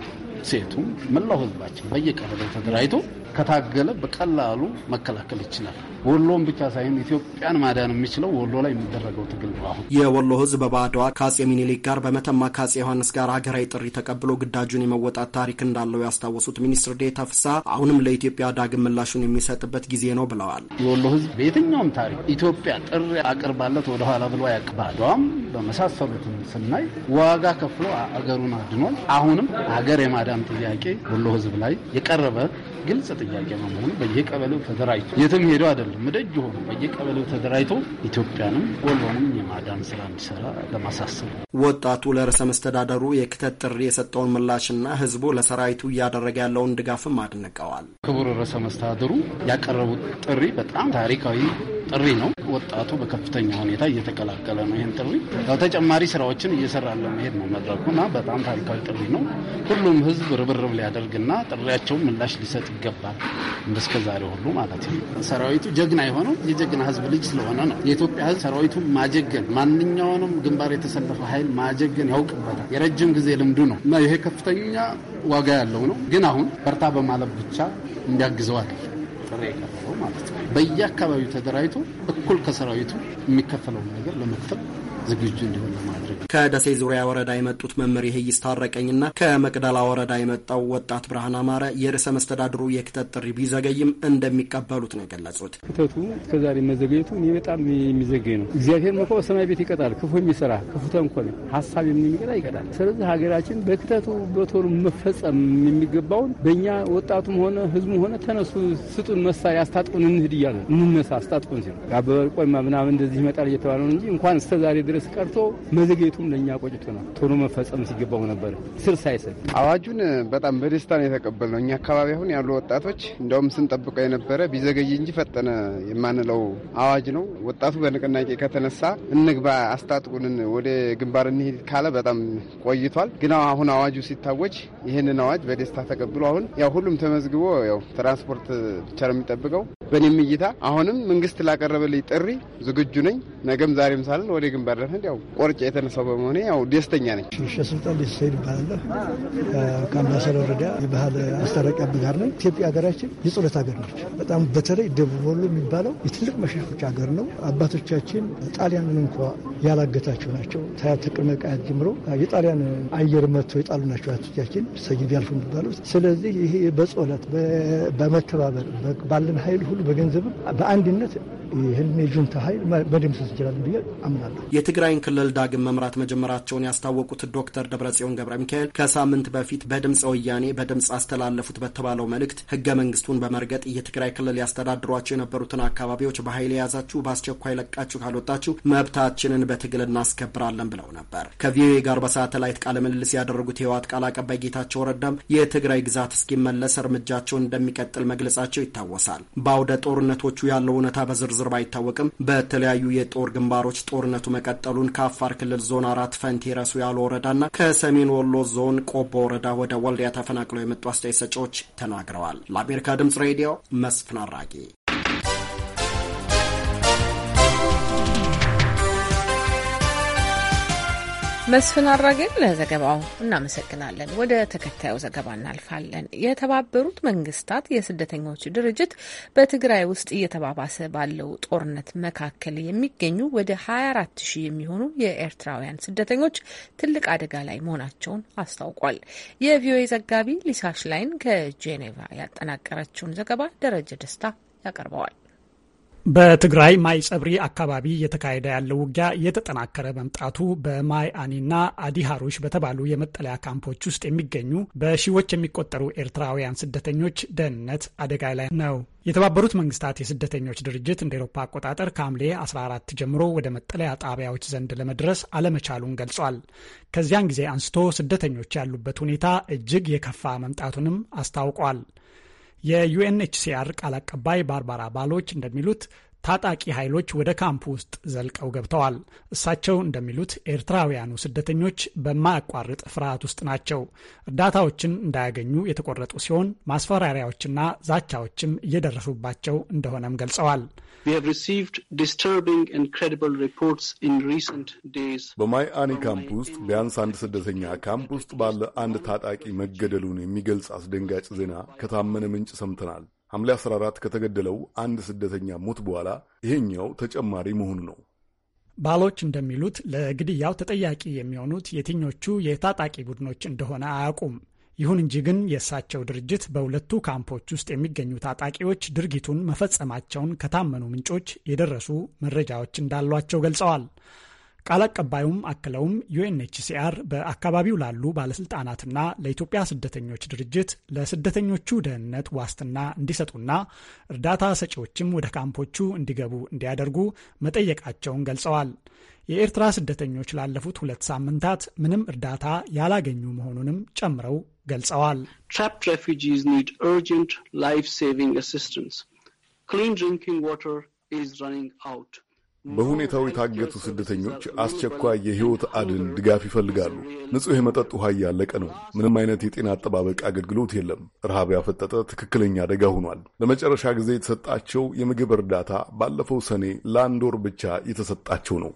Speaker 8: ሴቱም መላው ህዝባችን በየቀበሌው ተደራጅቶ ከታገለ በቀላሉ መከላከል ይችላል። ወሎን ብቻ ሳይሆን ኢትዮጵያን ማዳን የሚችለው ወሎ ላይ የሚደረገው ትግል ነው። አሁን
Speaker 9: የወሎ ህዝብ
Speaker 8: በአድዋ ከአጼ
Speaker 9: ሚኒሊክ ጋር በመተማ ከአጼ ዮሐንስ ጋር ሀገራዊ ጥሪ ተቀብሎ ግዳጁን የመወጣት ታሪክ እንዳለው ያስታወሱት ሚኒስትር ዴታ ፍሳ አሁንም ለኢትዮጵያ ዳግም ምላሹን የሚሰጥበት ጊዜ
Speaker 8: ነው ብለዋል። የወሎ ህዝብ በየትኛውም ታሪክ ኢትዮጵያ ጥሪ አቅርባለት ወደኋላ ብሎ አያውቅም። በአድዋም ስናይ ዋጋ ከፍሎ አገሩን አድኗል። አሁንም ሀገር የማዳን ጥያቄ ወሎ ህዝብ ላይ የቀረበ ግልጽ ጥያቄ በመሆኑ በየቀበሌው ተደራጅቶ የትም ሄዶ አይደለም ደጅ ሆኑ በየቀበሌው ተደራጅቶ ኢትዮጵያንም ወሎንም የማዳን ስራ እንዲሰራ ለማሳሰብ
Speaker 9: ወጣቱ ለርዕሰ መስተዳደሩ የክተት ጥሪ የሰጠውን ምላሽና
Speaker 8: ህዝቡ ለሰራዊቱ እያደረገ ያለውን ድጋፍም አድንቀዋል። ክቡር ርዕሰ መስተዳደሩ ያቀረቡት ጥሪ በጣም ታሪካዊ ጥሪ ነው። ወጣቱ በከፍተኛ ሁኔታ እየተቀላቀለ ነው። ይህን ጥሪ ተጨማሪ ስራዎችን እየሰራ ለመሄድ ነው መድረኩና በጣም ታሪካዊ ጥሪ ነው። ሁሉም ህዝብ ርብርብ ሊያደርግና ጥሪያቸውን ምላሽ ሊሰጥ ይገባል። ይኖራል እንደስከ ዛሬ ሁሉ ማለት ነው። ሰራዊቱ ጀግና የሆነው የጀግና ህዝብ ልጅ ስለሆነ ነው። የኢትዮጵያ ህዝብ ሰራዊቱ ማጀገን፣ ማንኛውንም ግንባር የተሰለፈ ኃይል ማጀገን ያውቅበታል። የረጅም ጊዜ ልምዱ ነው እና ይሄ ከፍተኛ ዋጋ ያለው ነው። ግን አሁን በርታ በማለት ብቻ እንዲያግዘዋል ማለት ነው። በየአካባቢው ተደራጅቶ እኩል ከሰራዊቱ የሚከፈለውን ነገር ለመክፈል ዝግጁ እንዲሆን ለማድረግ
Speaker 9: ከደሴ ዙሪያ ወረዳ የመጡት መምህር የህይስ ታረቀኝና ከመቅደላ ወረዳ የመጣው ወጣት ብርሃን አማረ የርዕሰ መስተዳድሩ የክተት ጥሪ ቢዘገይም እንደሚቀበሉት ነው
Speaker 8: የገለጹት። ክተቱ እስከዛሬ መዘገየቱ እኔ በጣም የሚዘገይ ነው። እግዚአብሔር መኮ በሰማይ ቤት ይቀጣል። ክፉ የሚሰራ ክፉ ተንኮል ሀሳብ የሚቀጣ ይቀጣል። ስለዚህ ሀገራችን በክተቱ በቶሎ መፈጸም የሚገባውን በእኛ ወጣቱም ሆነ ህዝቡ ሆነ ተነሱ፣ ስጡን መሳሪያ አስታጥቁን እንሂድ እያለ እንነሳ አስታጥቁን ሲሉ አበበ ቆይማ ምናምን እንደዚህ ይመጣል እየተባለ ነው እንጂ እንኳን እስከዛሬ ድረስ ቀርቶ መዘግየቱም ለእኛ ነው። ቶሎ መፈጸም ሲገባው ነበር ስር ሳይሰድ። አዋጁን በጣም በደስታ ነው የተቀበልነው። እኛ አካባቢ አሁን ያሉ ወጣቶች እንደውም ስንጠብቀው የነበረ ቢዘገይ እንጂ ፈጠነ የማንለው አዋጅ ነው። ወጣቱ በንቅናቄ ከተነሳ እንግባ፣ አስታጥቁንን፣ ወደ ግንባር እንሄድ ካለ በጣም ቆይቷል። ግን አሁን አዋጁ ሲታወጅ ይህንን አዋጅ በደስታ ተቀብሎ አሁን ያው ሁሉም ተመዝግቦ ያው ትራንስፖርት ብቻ ነው የሚጠብቀው። በእኔም እይታ አሁንም መንግስት ላቀረበልኝ ጥሪ ዝግጁ ነኝ። ነገም ዛሬም ሳልን ወደ ግንባር አለን። ያው ቆርጬ የተነሳው በመሆኔ ያው ደስተኛ ነኝ።
Speaker 10: ስልጣን ደሰይድ ይባላለሁ። ከአምባሰል ወረዳ የባህል አስታራቂ አመጋር ነኝ። ኢትዮጵያ ሀገራችን የጸሎት ሀገር ነች። በጣም በተለይ ደቡብ ወሎ የሚባለው የትልቅ መሻሾች ሀገር ነው። አባቶቻችን ጣሊያንን እንኳ ያላገታቸው ናቸው። ተቅድመ ቃያት ጀምሮ የጣሊያን አየር መጥቶ የጣሉ ናቸው አቶቻችን ሰይድ ያልፉ የሚባሉት። ስለዚህ ይሄ በጸሎት በመተባበር ባለን ኃይል ሁሉ በገንዘብም በአንድነት ይህን የጁንታ ኃይል በደምሰስ ይችላል ብዬ አምናለሁ።
Speaker 9: የትግራይን ክልል ዳግም መምራት መጀመራቸውን ያስታወቁት ዶክተር ደብረጽዮን ገብረ ሚካኤል ከሳምንት በፊት በድምፀ ወያኔ በድምፅ አስተላለፉት በተባለው መልእክት ህገ መንግስቱን በመርገጥ የትግራይ ክልል ያስተዳድሯቸው የነበሩትን አካባቢዎች በኃይል የያዛችሁ በአስቸኳይ ለቃችሁ ካልወጣችሁ መብታችንን በትግል እናስከብራለን ብለው ነበር። ከቪኦኤ ጋር በሳተላይት ቃለ ምልልስ ያደረጉት የህወሓት ቃል አቀባይ ጌታቸው ረዳም የትግራይ ግዛት እስኪመለስ እርምጃቸውን እንደሚቀጥል መግለጻቸው ይታወሳል። በአውደ ጦርነቶቹ ያለው እውነታ በዝርዝር ዝርዝር ባይታወቅም በተለያዩ የጦር ግንባሮች ጦርነቱ መቀጠሉን ከአፋር ክልል ዞን አራት ፈንቲ ረሱ ያሉ ወረዳና ከሰሜን ወሎ ዞን ቆቦ ወረዳ ወደ ወልዲያ ተፈናቅለው የመጡ አስተያየት ሰጪዎች ተናግረዋል። ለአሜሪካ ድምጽ ሬዲዮ መስፍን አራጌ
Speaker 1: መስፍን አድራጌን ለዘገባው እናመሰግናለን። ወደ ተከታዩ ዘገባ እናልፋለን። የተባበሩት መንግስታት የስደተኞች ድርጅት በትግራይ ውስጥ እየተባባሰ ባለው ጦርነት መካከል የሚገኙ ወደ 24 ሺህ የሚሆኑ የኤርትራውያን ስደተኞች ትልቅ አደጋ ላይ መሆናቸውን አስታውቋል። የቪኦኤ ዘጋቢ ሊሳሽ ላይን ከጄኔቫ ያጠናቀረችውን ዘገባ ደረጀ ደስታ ያቀርበዋል።
Speaker 10: በትግራይ ማይ ጸብሪ አካባቢ እየተካሄደ ያለው ውጊያ እየተጠናከረ መምጣቱ በማይ አኒና አዲ ሀሩሽ በተባሉ የመጠለያ ካምፖች ውስጥ የሚገኙ በሺዎች የሚቆጠሩ ኤርትራውያን ስደተኞች ደህንነት አደጋ ላይ ነው። የተባበሩት መንግስታት የስደተኞች ድርጅት እንደ ኤሮፓ አቆጣጠር ከሐምሌ 14 ጀምሮ ወደ መጠለያ ጣቢያዎች ዘንድ ለመድረስ አለመቻሉን ገልጿል። ከዚያን ጊዜ አንስቶ ስደተኞች ያሉበት ሁኔታ እጅግ የከፋ መምጣቱንም አስታውቋል። የዩኤንኤችሲአር ቃል አቀባይ ባርባራ ባሎች እንደሚሉት ታጣቂ ኃይሎች ወደ ካምፕ ውስጥ ዘልቀው ገብተዋል። እሳቸው እንደሚሉት ኤርትራውያኑ ስደተኞች በማያቋርጥ ፍርሃት ውስጥ ናቸው። እርዳታዎችን እንዳያገኙ የተቆረጡ ሲሆን ማስፈራሪያዎችና ዛቻዎችም እየደረሱባቸው እንደሆነም
Speaker 8: ገልጸዋል።
Speaker 11: በማይአኒ ካምፕ ውስጥ ቢያንስ አንድ ስደተኛ ካምፕ ውስጥ ባለ አንድ ታጣቂ መገደሉን የሚገልጽ አስደንጋጭ ዜና ከታመነ ምንጭ ሰምተናል። ሐምሌ 14 ከተገደለው አንድ ስደተኛ ሞት በኋላ ይሄኛው ተጨማሪ መሆኑ ነው።
Speaker 10: ባሎች እንደሚሉት ለግድያው ተጠያቂ የሚሆኑት የትኞቹ የታጣቂ ቡድኖች እንደሆነ አያውቁም። ይሁን እንጂ ግን የእሳቸው ድርጅት በሁለቱ ካምፖች ውስጥ የሚገኙ ታጣቂዎች ድርጊቱን መፈጸማቸውን ከታመኑ ምንጮች የደረሱ መረጃዎች እንዳሏቸው ገልጸዋል። ቃል አቀባዩም አክለውም ዩኤንኤችሲአር በአካባቢው ላሉ ባለስልጣናትና ለኢትዮጵያ ስደተኞች ድርጅት ለስደተኞቹ ደህንነት ዋስትና እንዲሰጡና እርዳታ ሰጪዎችም ወደ ካምፖቹ እንዲገቡ እንዲያደርጉ መጠየቃቸውን ገልጸዋል። የኤርትራ ስደተኞች ላለፉት ሁለት ሳምንታት ምንም እርዳታ ያላገኙ መሆኑንም ጨምረው
Speaker 8: ገልጸዋል። ትራፕድ ሬፊጂስ ኒድ አርጀንት ላይፍ ሴቪንግ አሲስታንስ ክሊን ድሪንኪንግ ዋተር ኢዝ አውት
Speaker 11: በሁኔታው የታገቱ ስደተኞች አስቸኳይ የሕይወት አድን ድጋፍ ይፈልጋሉ። ንጹሕ የመጠጥ ውሃ እያለቀ ነው። ምንም አይነት የጤና አጠባበቅ አገልግሎት የለም። ረሃብ ያፈጠጠ ትክክለኛ አደጋ ሆኗል። ለመጨረሻ ጊዜ የተሰጣቸው የምግብ እርዳታ ባለፈው ሰኔ ለአንድ ወር ብቻ የተሰጣቸው ነው።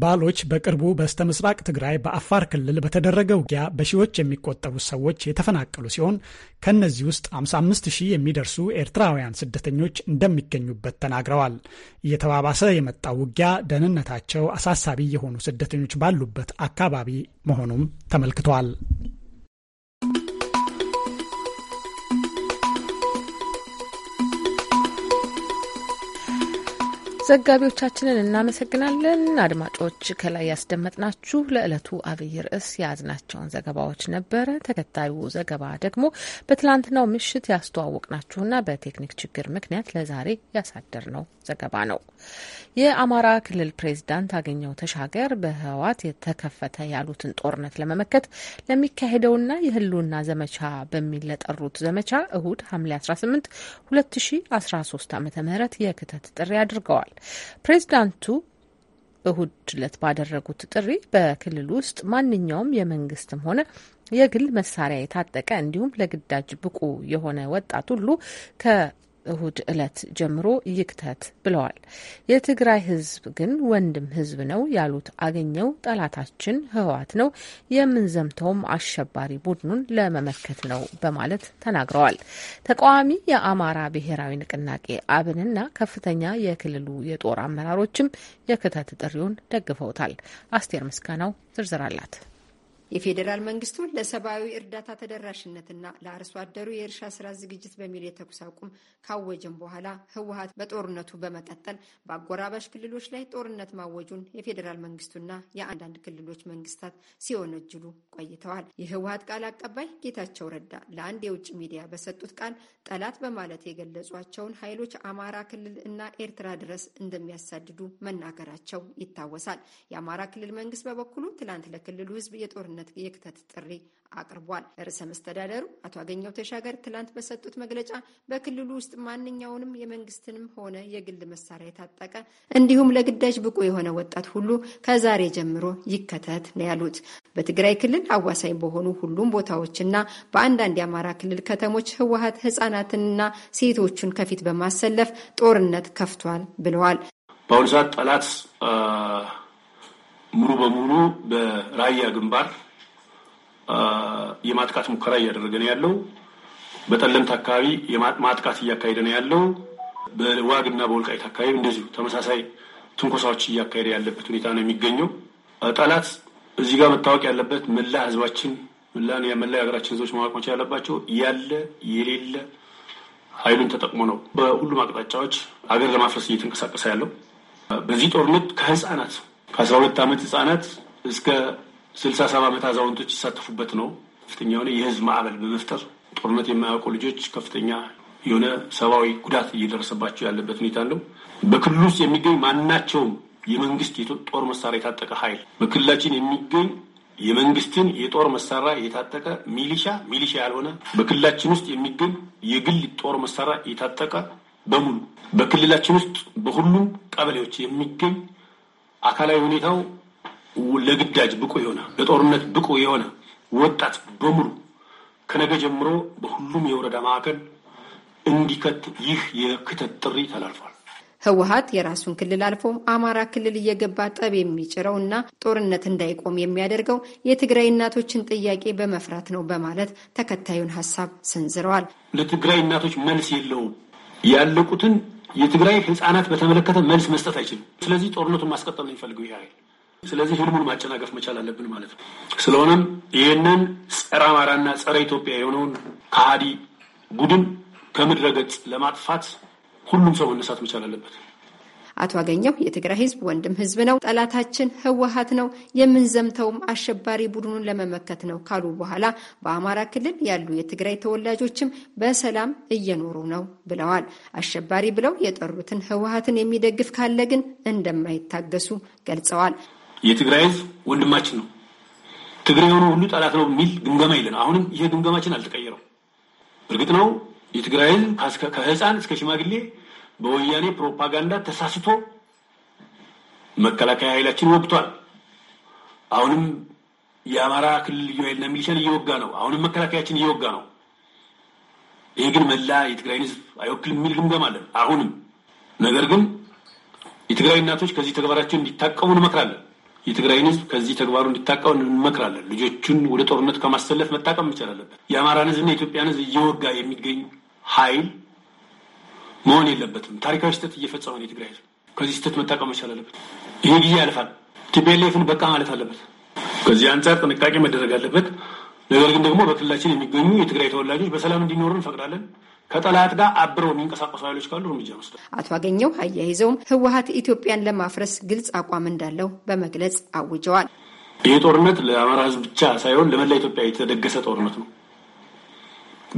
Speaker 10: ባሎች በቅርቡ በስተምስራቅ ትግራይ በአፋር ክልል በተደረገ ውጊያ በሺዎች የሚቆጠሩ ሰዎች የተፈናቀሉ ሲሆን ከእነዚህ ውስጥ 55 ሺህ የሚደርሱ ኤርትራውያን ስደተኞች እንደሚገኙበት ተናግረዋል። እየተባባሰ የመጣው ውጊያ ደህንነታቸው አሳሳቢ የሆኑ ስደተኞች ባሉበት አካባቢ መሆኑም ተመልክቷል።
Speaker 1: ዘጋቢዎቻችንን እናመሰግናለን። አድማጮች ከላይ ያስደመጥናችሁ ለዕለቱ አብይ ርዕስ የያዝናቸውን ዘገባዎች ነበረ። ተከታዩ ዘገባ ደግሞ በትላንትናው ምሽት ያስተዋወቅናችሁና በቴክኒክ ችግር ምክንያት ለዛሬ ያሳደርነው ዘገባ ነው። የአማራ ክልል ፕሬዚዳንት አገኘው ተሻገር በህወሓት የተከፈተ ያሉትን ጦርነት ለመመከት ለሚካሄደውና የህልውና ዘመቻ በሚል ለጠሩት ዘመቻ እሁድ ሐምሌ 18 2013 ዓ ም የክተት ጥሪ አድርገዋል። ፕሬዚዳንቱ እሁድ ዕለት ባደረጉት ጥሪ በክልል ውስጥ ማንኛውም የመንግስትም ሆነ የግል መሳሪያ የታጠቀ እንዲሁም ለግዳጅ ብቁ የሆነ ወጣት ሁሉ ከ እሁድ እለት ጀምሮ ይክተት ብለዋል። የትግራይ ህዝብ ግን ወንድም ህዝብ ነው ያሉት አገኘው ጠላታችን ህወሓት ነው፣ የምንዘምተውም አሸባሪ ቡድኑን ለመመከት ነው በማለት ተናግረዋል። ተቃዋሚ የአማራ ብሔራዊ ንቅናቄ አብንና ከፍተኛ የክልሉ የጦር አመራሮችም የክተት ጥሪውን ደግፈውታል። አስቴር ምስጋናው ዝርዝር አላት።
Speaker 12: የፌዴራል መንግስቱ ለሰብአዊ እርዳታ ተደራሽነትና ለአርሶ አደሩ የእርሻ ስራ ዝግጅት በሚል የተኩስ አቁም ካወጀም በኋላ ህወሀት በጦርነቱ በመቀጠል በአጎራባሽ ክልሎች ላይ ጦርነት ማወጁን የፌዴራል መንግስቱና የአንዳንድ ክልሎች መንግስታት ሲወነጅሉ ቆይተዋል። የህወሀት ቃል አቀባይ ጌታቸው ረዳ ለአንድ የውጭ ሚዲያ በሰጡት ቃል ጠላት በማለት የገለጿቸውን ኃይሎች አማራ ክልል እና ኤርትራ ድረስ እንደሚያሳድዱ መናገራቸው ይታወሳል። የአማራ ክልል መንግስት በበኩሉ ትላንት ለክልሉ ህዝብ የጦርነት ለአብሮነት የክተት ጥሪ አቅርቧል። ርዕሰ መስተዳደሩ አቶ አገኘው ተሻገር ትላንት በሰጡት መግለጫ በክልሉ ውስጥ ማንኛውንም የመንግስትንም ሆነ የግል መሳሪያ የታጠቀ እንዲሁም ለግዳጅ ብቁ የሆነ ወጣት ሁሉ ከዛሬ ጀምሮ ይከተት ነው ያሉት። በትግራይ ክልል አዋሳኝ በሆኑ ሁሉም ቦታዎችና በአንዳንድ የአማራ ክልል ከተሞች ህወሀት ህጻናትንና ሴቶቹን ከፊት በማሰለፍ ጦርነት ከፍቷል ብለዋል።
Speaker 13: በአሁኑ ሰዓት ጠላት ሙሉ በሙሉ በራያ ግንባር የማጥቃት ሙከራ እያደረገ ነው ያለው። በጠለምት አካባቢ ማጥቃት እያካሄደ ነው ያለው። በዋግና በወልቃይት አካባቢ እንደዚሁ ተመሳሳይ ትንኮሳዎች እያካሄደ ያለበት ሁኔታ ነው የሚገኘው። ጠላት እዚህ ጋር መታወቅ ያለበት መላ ህዝባችን መላ መላ የሀገራችን ህዝቦች ማወቅ ያለባቸው ያለ የሌለ ኃይሉን ተጠቅሞ ነው በሁሉም አቅጣጫዎች አገር ለማፍረስ እየተንቀሳቀሰ ያለው። በዚህ ጦርነት ከህፃናት ከአስራ ሁለት ዓመት ህፃናት እስከ ስልሳ ሰባ ዓመት አዛውንቶች ይሳተፉበት ነው። ከፍተኛ የሆነ የህዝብ ማዕበል በመፍጠር ጦርነት የማያውቁ ልጆች ከፍተኛ የሆነ ሰብአዊ ጉዳት እየደረሰባቸው ያለበት ሁኔታ ነው። በክልሉ ውስጥ የሚገኝ ማናቸውም የመንግስት ጦር መሳሪያ የታጠቀ ኃይል በክልላችን የሚገኝ የመንግስትን የጦር መሳሪያ የታጠቀ ሚሊሻ ሚሊሻ ያልሆነ በክልላችን ውስጥ የሚገኝ የግል ጦር መሳሪያ የታጠቀ በሙሉ በክልላችን ውስጥ በሁሉም ቀበሌዎች የሚገኝ አካላዊ ሁኔታው ለግዳጅ ብቁ የሆነ ለጦርነት ብቁ የሆነ ወጣት በሙሉ ከነገ ጀምሮ በሁሉም የወረዳ ማዕከል እንዲከት ይህ የክተት ጥሪ ተላልፏል።
Speaker 12: ህወሀት የራሱን ክልል አልፎ አማራ ክልል እየገባ ጠብ የሚጭረው እና ጦርነት እንዳይቆም የሚያደርገው የትግራይ እናቶችን ጥያቄ በመፍራት ነው በማለት ተከታዩን ሀሳብ ሰንዝረዋል።
Speaker 13: ለትግራይ እናቶች መልስ የለውም። ያለቁትን የትግራይ ህጻናት በተመለከተ መልስ መስጠት አይችልም። ስለዚህ ጦርነቱን ማስቀጠል ነው የሚፈልገው ይህ ስለዚህ ህልሙን ማጨናገፍ መቻል አለብን ማለት ነው። ስለሆነም ይህንን ጸረ አማራና ጸረ ኢትዮጵያ የሆነውን ከሃዲ ቡድን ከምድረ ገጽ ለማጥፋት ሁሉም ሰው መነሳት መቻል
Speaker 12: አለበት። አቶ አገኘው የትግራይ ህዝብ ወንድም ህዝብ ነው፣ ጠላታችን ህወሀት ነው፣ የምንዘምተውም አሸባሪ ቡድኑን ለመመከት ነው ካሉ በኋላ በአማራ ክልል ያሉ የትግራይ ተወላጆችም በሰላም እየኖሩ ነው ብለዋል። አሸባሪ ብለው የጠሩትን ህወሀትን የሚደግፍ ካለ ግን እንደማይታገሱ ገልጸዋል።
Speaker 13: የትግራይ ህዝብ ወንድማችን ነው። ትግራይ የሆነ ሁሉ ጠላት ነው የሚል ግምገማ የለን። አሁንም ይሄ ግምገማችን አልተቀየረም። እርግጥ ነው የትግራይ ህዝብ ከህፃን እስከ ሽማግሌ በወያኔ ፕሮፓጋንዳ ተሳስቶ መከላከያ ኃይላችን ወግቷል። አሁንም የአማራ ክልል ልዩ ኃይልና ሚሊሻን እየወጋ ነው። አሁንም መከላከያችን እየወጋ ነው። ይሄ ግን መላ የትግራይን ህዝብ አይወክልም የሚል ግምገማ አለን። አሁንም ነገር ግን የትግራይ እናቶች ከዚህ ተግባራቸው እንዲታቀሙ እንመክራለን። የትግራይን ህዝብ ከዚህ ተግባሩ እንዲታቀው እንመክራለን። ልጆቹን ወደ ጦርነት ከማሰለፍ መታቀም መቻል አለበት። የአማራን ህዝብና የኢትዮጵያን ህዝብ እየወጋ የሚገኝ ኃይል መሆን የለበትም። ታሪካዊ ስህተት እየፈጸመ ነው የትግራይ ህዝብ። ከዚህ ስህተት መታቀም መቻል አለበት። ይሄ ጊዜ ያልፋል። ቲፒኤልኤፍን በቃ ማለት አለበት። ከዚህ አንጻር ጥንቃቄ መደረግ አለበት። ነገር ግን ደግሞ በክልላችን የሚገኙ የትግራይ ተወላጆች በሰላም እንዲኖሩ እንፈቅዳለን። ከጠላት ጋር አብረው የሚንቀሳቀሱ ኃይሎች ካሉ እርምጃ መስጠት።
Speaker 12: አቶ አገኘው አያይዘውም ህወሀት ኢትዮጵያን ለማፍረስ ግልጽ አቋም እንዳለው በመግለጽ አውጀዋል።
Speaker 13: ይህ ጦርነት ለአማራ ህዝብ ብቻ ሳይሆን ለመላ ኢትዮጵያ የተደገሰ ጦርነት ነው።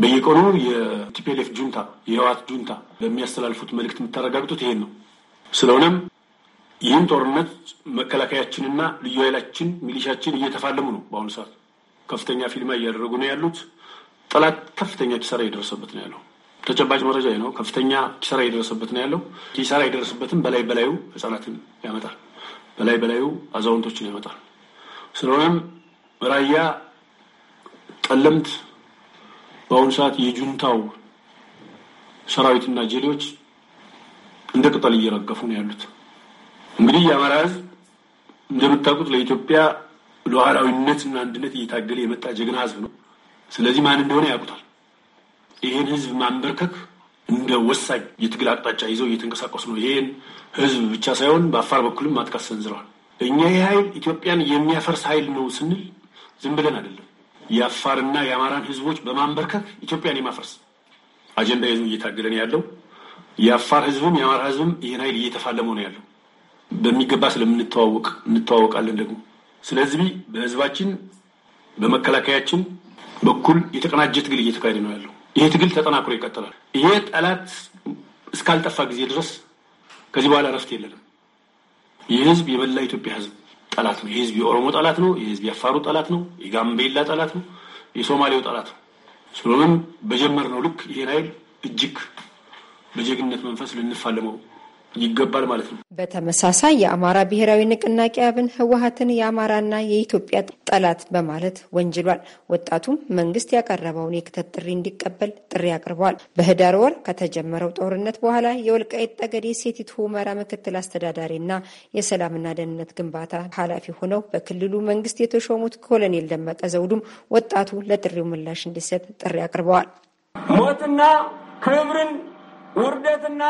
Speaker 13: በየቀኑ የቲፒኤልኤፍ ጁንታ የህወሀት ጁንታ በሚያስተላልፉት መልእክት የምታረጋግጡት ይሄን ነው። ስለሆነም ይህን ጦርነት መከላከያችንና ልዩ ኃይላችን ሚሊሻችን እየተፋለሙ ነው። በአሁኑ ሰዓት ከፍተኛ ፊልማ እያደረጉ ነው ያሉት። ጠላት ከፍተኛ ኪሳራ እየደረሰበት ነው ያለው። ተጨባጭ መረጃ ነው። ከፍተኛ ኪሳራ የደረሰበት ነው ያለው። ኪሳራ የደረሰበትም በላይ በላዩ ህጻናትን ያመጣል፣ በላይ በላዩ አዛውንቶችን ያመጣል። ስለሆነም ራያ ጠለምት በአሁኑ ሰዓት የጁንታው ሰራዊትና ጀሌዎች እንደ ቅጠል እየረገፉ ነው ያሉት። እንግዲህ የአማራ ህዝብ እንደምታውቁት ለኢትዮጵያ ሉዓላዊነትና አንድነት እየታገለ የመጣ ጀግና ህዝብ ነው። ስለዚህ ማን እንደሆነ ያውቁታል። ይህን ህዝብ ማንበርከክ እንደ ወሳኝ የትግል አቅጣጫ ይዘው እየተንቀሳቀሱ ነው። ይህን ህዝብ ብቻ ሳይሆን በአፋር በኩልም ማጥቃት ሰንዝረዋል። እኛ ይህ ኃይል ኢትዮጵያን የሚያፈርስ ኃይል ነው ስንል ዝም ብለን አይደለም። የአፋርና የአማራን ህዝቦች በማንበርከክ ኢትዮጵያን የማፈርስ አጀንዳ ይዞ እየታገለ ነው ያለው። የአፋር ህዝብም የአማራ ህዝብም ይህን ኃይል እየተፋለመው ነው ያለው። በሚገባ ስለምንተዋወቅ እንተዋወቃለን ደግሞ። ስለዚህ በህዝባችን በመከላከያችን በኩል የተቀናጀ ትግል እየተካሄደ ነው ያለው። ይህ ትግል ተጠናክሮ ይቀጥላል። ይሄ ጠላት እስካልጠፋ ጊዜ ድረስ ከዚህ በኋላ እረፍት የለንም። ይህ ህዝብ የመላ ኢትዮጵያ ህዝብ ጠላት ነው። ይህ የኦሮሞ ጠላት ነው። የህዝብ የአፋሩ ጠላት ነው። የጋምቤላ ጠላት ነው። የሶማሌው ጠላት ነው። ስለሆነም በጀመርነው ልክ ይሄን ኃይል እጅግ በጀግነት መንፈስ ልንፋለመው ይገባል ማለት ነው።
Speaker 12: በተመሳሳይ የአማራ ብሔራዊ ንቅናቄ አብን ህወሀትን የአማራና የኢትዮጵያ ጠላት በማለት ወንጅሏል። ወጣቱም መንግስት ያቀረበውን የክተት ጥሪ እንዲቀበል ጥሪ አቅርበዋል። በህዳር ወር ከተጀመረው ጦርነት በኋላ የወልቃይት ጠገዴ ሴቲት ሁመራ ምክትል አስተዳዳሪና የሰላምና ደህንነት ግንባታ ኃላፊ ሆነው በክልሉ መንግስት የተሾሙት ኮሎኔል ደመቀ ዘውዱም ወጣቱ ለጥሪው ምላሽ እንዲሰጥ ጥሪ አቅርበዋል።
Speaker 7: ሞትና ክብርን ውርደትና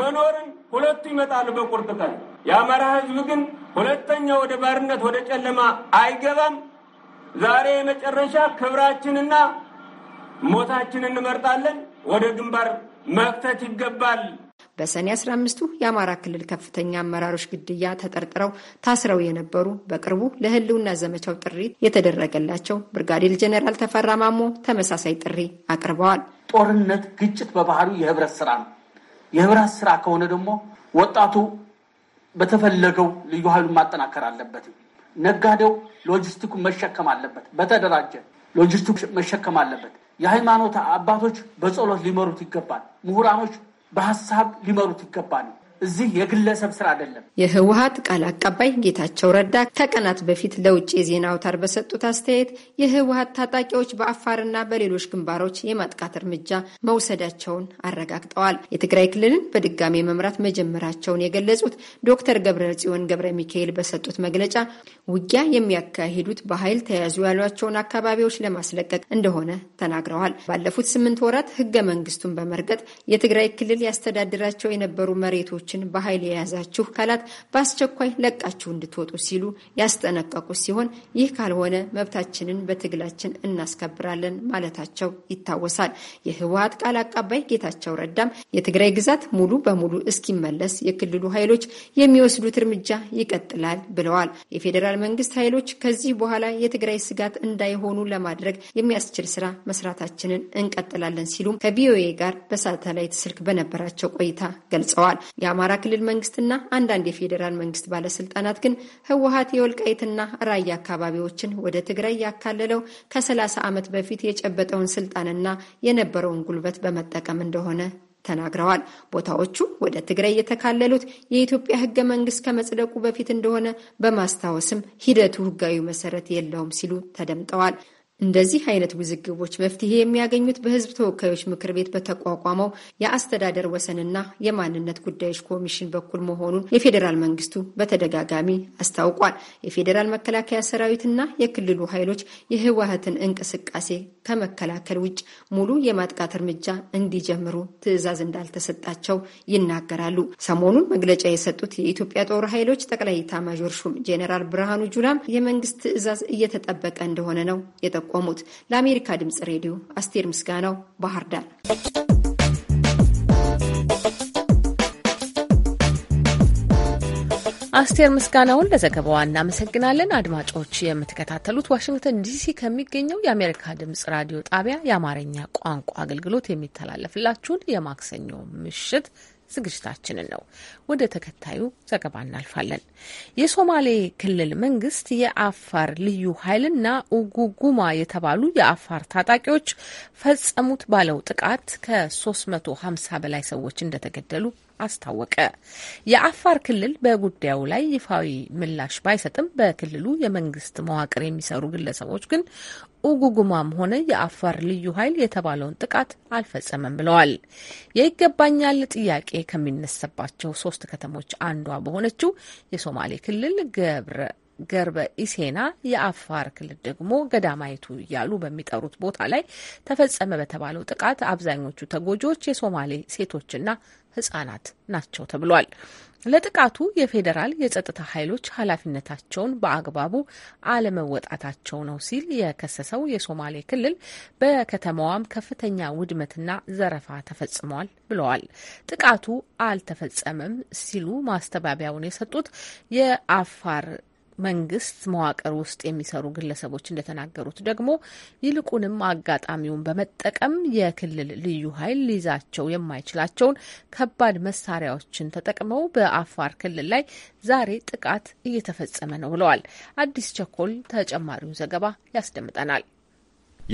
Speaker 7: መኖርን
Speaker 13: ሁለቱ ይመጣሉ በቁርጥ ቀን። የአማራ ህዝብ ግን ሁለተኛ ወደ ባርነት ወደ ጨለማ አይገባም። ዛሬ የመጨረሻ ክብራችንና ሞታችን እንመርጣለን። ወደ ግንባር መክተት ይገባል።
Speaker 12: በሰኔ 15ቱ የአማራ ክልል ከፍተኛ አመራሮች ግድያ ተጠርጥረው ታስረው የነበሩ በቅርቡ ለህልውና ዘመቻው ጥሪ የተደረገላቸው ብርጋዴር ጀኔራል ተፈራ ማሞ ተመሳሳይ ጥሪ
Speaker 7: አቅርበዋል። ጦርነት፣ ግጭት በባህሪው የህብረት ስራ ነው። የህብረት ስራ ከሆነ ደግሞ ወጣቱ በተፈለገው ልዩ ኃይሉን ማጠናከር አለበት። ነጋዴው ሎጂስቲኩ መሸከም አለበት። በተደራጀ ሎጂስቲኩ መሸከም አለበት። የሃይማኖት አባቶች በጸሎት ሊመሩት ይገባል። ምሁራኖች በሀሳብ ሊመሩት ይገባል።
Speaker 2: እዚህ የግለሰብ ስራ አይደለም።
Speaker 12: የህወሀት ቃል አቀባይ ጌታቸው ረዳ ከቀናት በፊት ለውጭ የዜና አውታር በሰጡት አስተያየት የህወሀት ታጣቂዎች በአፋርና በሌሎች ግንባሮች የማጥቃት እርምጃ መውሰዳቸውን አረጋግጠዋል። የትግራይ ክልልን በድጋሚ መምራት መጀመራቸውን የገለጹት ዶክተር ገብረ ጽዮን ገብረ ሚካኤል በሰጡት መግለጫ ውጊያ የሚያካሂዱት በኃይል ተያዙ ያሏቸውን አካባቢዎች ለማስለቀቅ እንደሆነ ተናግረዋል። ባለፉት ስምንት ወራት ህገ መንግስቱን በመርገጥ የትግራይ ክልል ያስተዳድራቸው የነበሩ መሬቶች ሴቶችን በኃይል የያዛችሁ ካላት በአስቸኳይ ለቃችሁ እንድትወጡ ሲሉ ያስጠነቀቁ ሲሆን ይህ ካልሆነ መብታችንን በትግላችን እናስከብራለን ማለታቸው ይታወሳል። የህወሀት ቃል አቀባይ ጌታቸው ረዳም የትግራይ ግዛት ሙሉ በሙሉ እስኪመለስ የክልሉ ኃይሎች የሚወስዱት እርምጃ ይቀጥላል ብለዋል። የፌዴራል መንግስት ኃይሎች ከዚህ በኋላ የትግራይ ስጋት እንዳይሆኑ ለማድረግ የሚያስችል ስራ መስራታችንን እንቀጥላለን ሲሉም ከቪኦኤ ጋር በሳተላይት ስልክ በነበራቸው ቆይታ ገልጸዋል። የአማራ ክልል መንግስትና አንዳንድ የፌዴራል መንግስት ባለስልጣናት ግን ህወሀት የወልቃይትና ራያ አካባቢዎችን ወደ ትግራይ ያካለለው ከ30 ዓመት በፊት የጨበጠውን ስልጣንና የነበረውን ጉልበት በመጠቀም እንደሆነ ተናግረዋል። ቦታዎቹ ወደ ትግራይ የተካለሉት የኢትዮጵያ ህገ መንግስት ከመጽደቁ በፊት እንደሆነ በማስታወስም ሂደቱ ህጋዊ መሰረት የለውም ሲሉ ተደምጠዋል። እንደዚህ አይነት ውዝግቦች መፍትሄ የሚያገኙት በህዝብ ተወካዮች ምክር ቤት በተቋቋመው የአስተዳደር ወሰንና የማንነት ጉዳዮች ኮሚሽን በኩል መሆኑን የፌዴራል መንግስቱ በተደጋጋሚ አስታውቋል። የፌዴራል መከላከያ ሰራዊትና የክልሉ ኃይሎች የህወሀትን እንቅስቃሴ ከመከላከል ውጭ ሙሉ የማጥቃት እርምጃ እንዲጀምሩ ትዕዛዝ እንዳልተሰጣቸው ይናገራሉ። ሰሞኑን መግለጫ የሰጡት የኢትዮጵያ ጦር ኃይሎች ጠቅላይ ኤታማዦር ሹም ጄኔራል ብርሃኑ ጁላም የመንግስት ትዕዛዝ እየተጠበቀ እንደሆነ ነው የጠቁ የቆሙት። ለአሜሪካ ድምጽ ሬዲዮ አስቴር ምስጋናው ባህር ዳር።
Speaker 1: አስቴር ምስጋናውን ለዘገባዋ እናመሰግናለን። አድማጮች የምትከታተሉት ዋሽንግተን ዲሲ ከሚገኘው የአሜሪካ ድምጽ ራዲዮ ጣቢያ የአማርኛ ቋንቋ አገልግሎት የሚተላለፍላችሁን የማክሰኞ ምሽት ዝግጅታችንን ነው። ወደ ተከታዩ ዘገባ እናልፋለን። የሶማሌ ክልል መንግስት የአፋር ልዩ ኃይልና ኡጉጉማ የተባሉ የአፋር ታጣቂዎች ፈጸሙት ባለው ጥቃት ከ350 በላይ ሰዎች እንደተገደሉ አስታወቀ። የአፋር ክልል በጉዳዩ ላይ ይፋዊ ምላሽ ባይሰጥም በክልሉ የመንግስት መዋቅር የሚሰሩ ግለሰቦች ግን ኡጉጉማም ሆነ የአፋር ልዩ ኃይል የተባለውን ጥቃት አልፈጸመም ብለዋል። የይገባኛል ጥያቄ ከሚነሳባቸው ሶስት ከተሞች አንዷ በሆነችው የሶማሌ ክልል ገብረ ገርበ ኢሴና የአፋር ክልል ደግሞ ገዳማይቱ እያሉ በሚጠሩት ቦታ ላይ ተፈጸመ በተባለው ጥቃት አብዛኞቹ ተጎጂዎች የሶማሌ ሴቶችና ህጻናት ናቸው ተብሏል። ለጥቃቱ የፌዴራል የጸጥታ ኃይሎች ኃላፊነታቸውን በአግባቡ አለመወጣታቸው ነው ሲል የከሰሰው የሶማሌ ክልል በከተማዋም ከፍተኛ ውድመትና ዘረፋ ተፈጽመዋል ብለዋል። ጥቃቱ አልተፈጸመም ሲሉ ማስተባበያውን የሰጡት የአፋር መንግስት መዋቅር ውስጥ የሚሰሩ ግለሰቦች እንደተናገሩት ደግሞ ይልቁንም አጋጣሚውን በመጠቀም የክልል ልዩ ኃይል ሊይዛቸው የማይችላቸውን ከባድ መሳሪያዎችን ተጠቅመው በአፋር ክልል ላይ ዛሬ ጥቃት እየተፈጸመ ነው ብለዋል። አዲስ ቸኮል ተጨማሪውን ዘገባ ያስደምጠናል።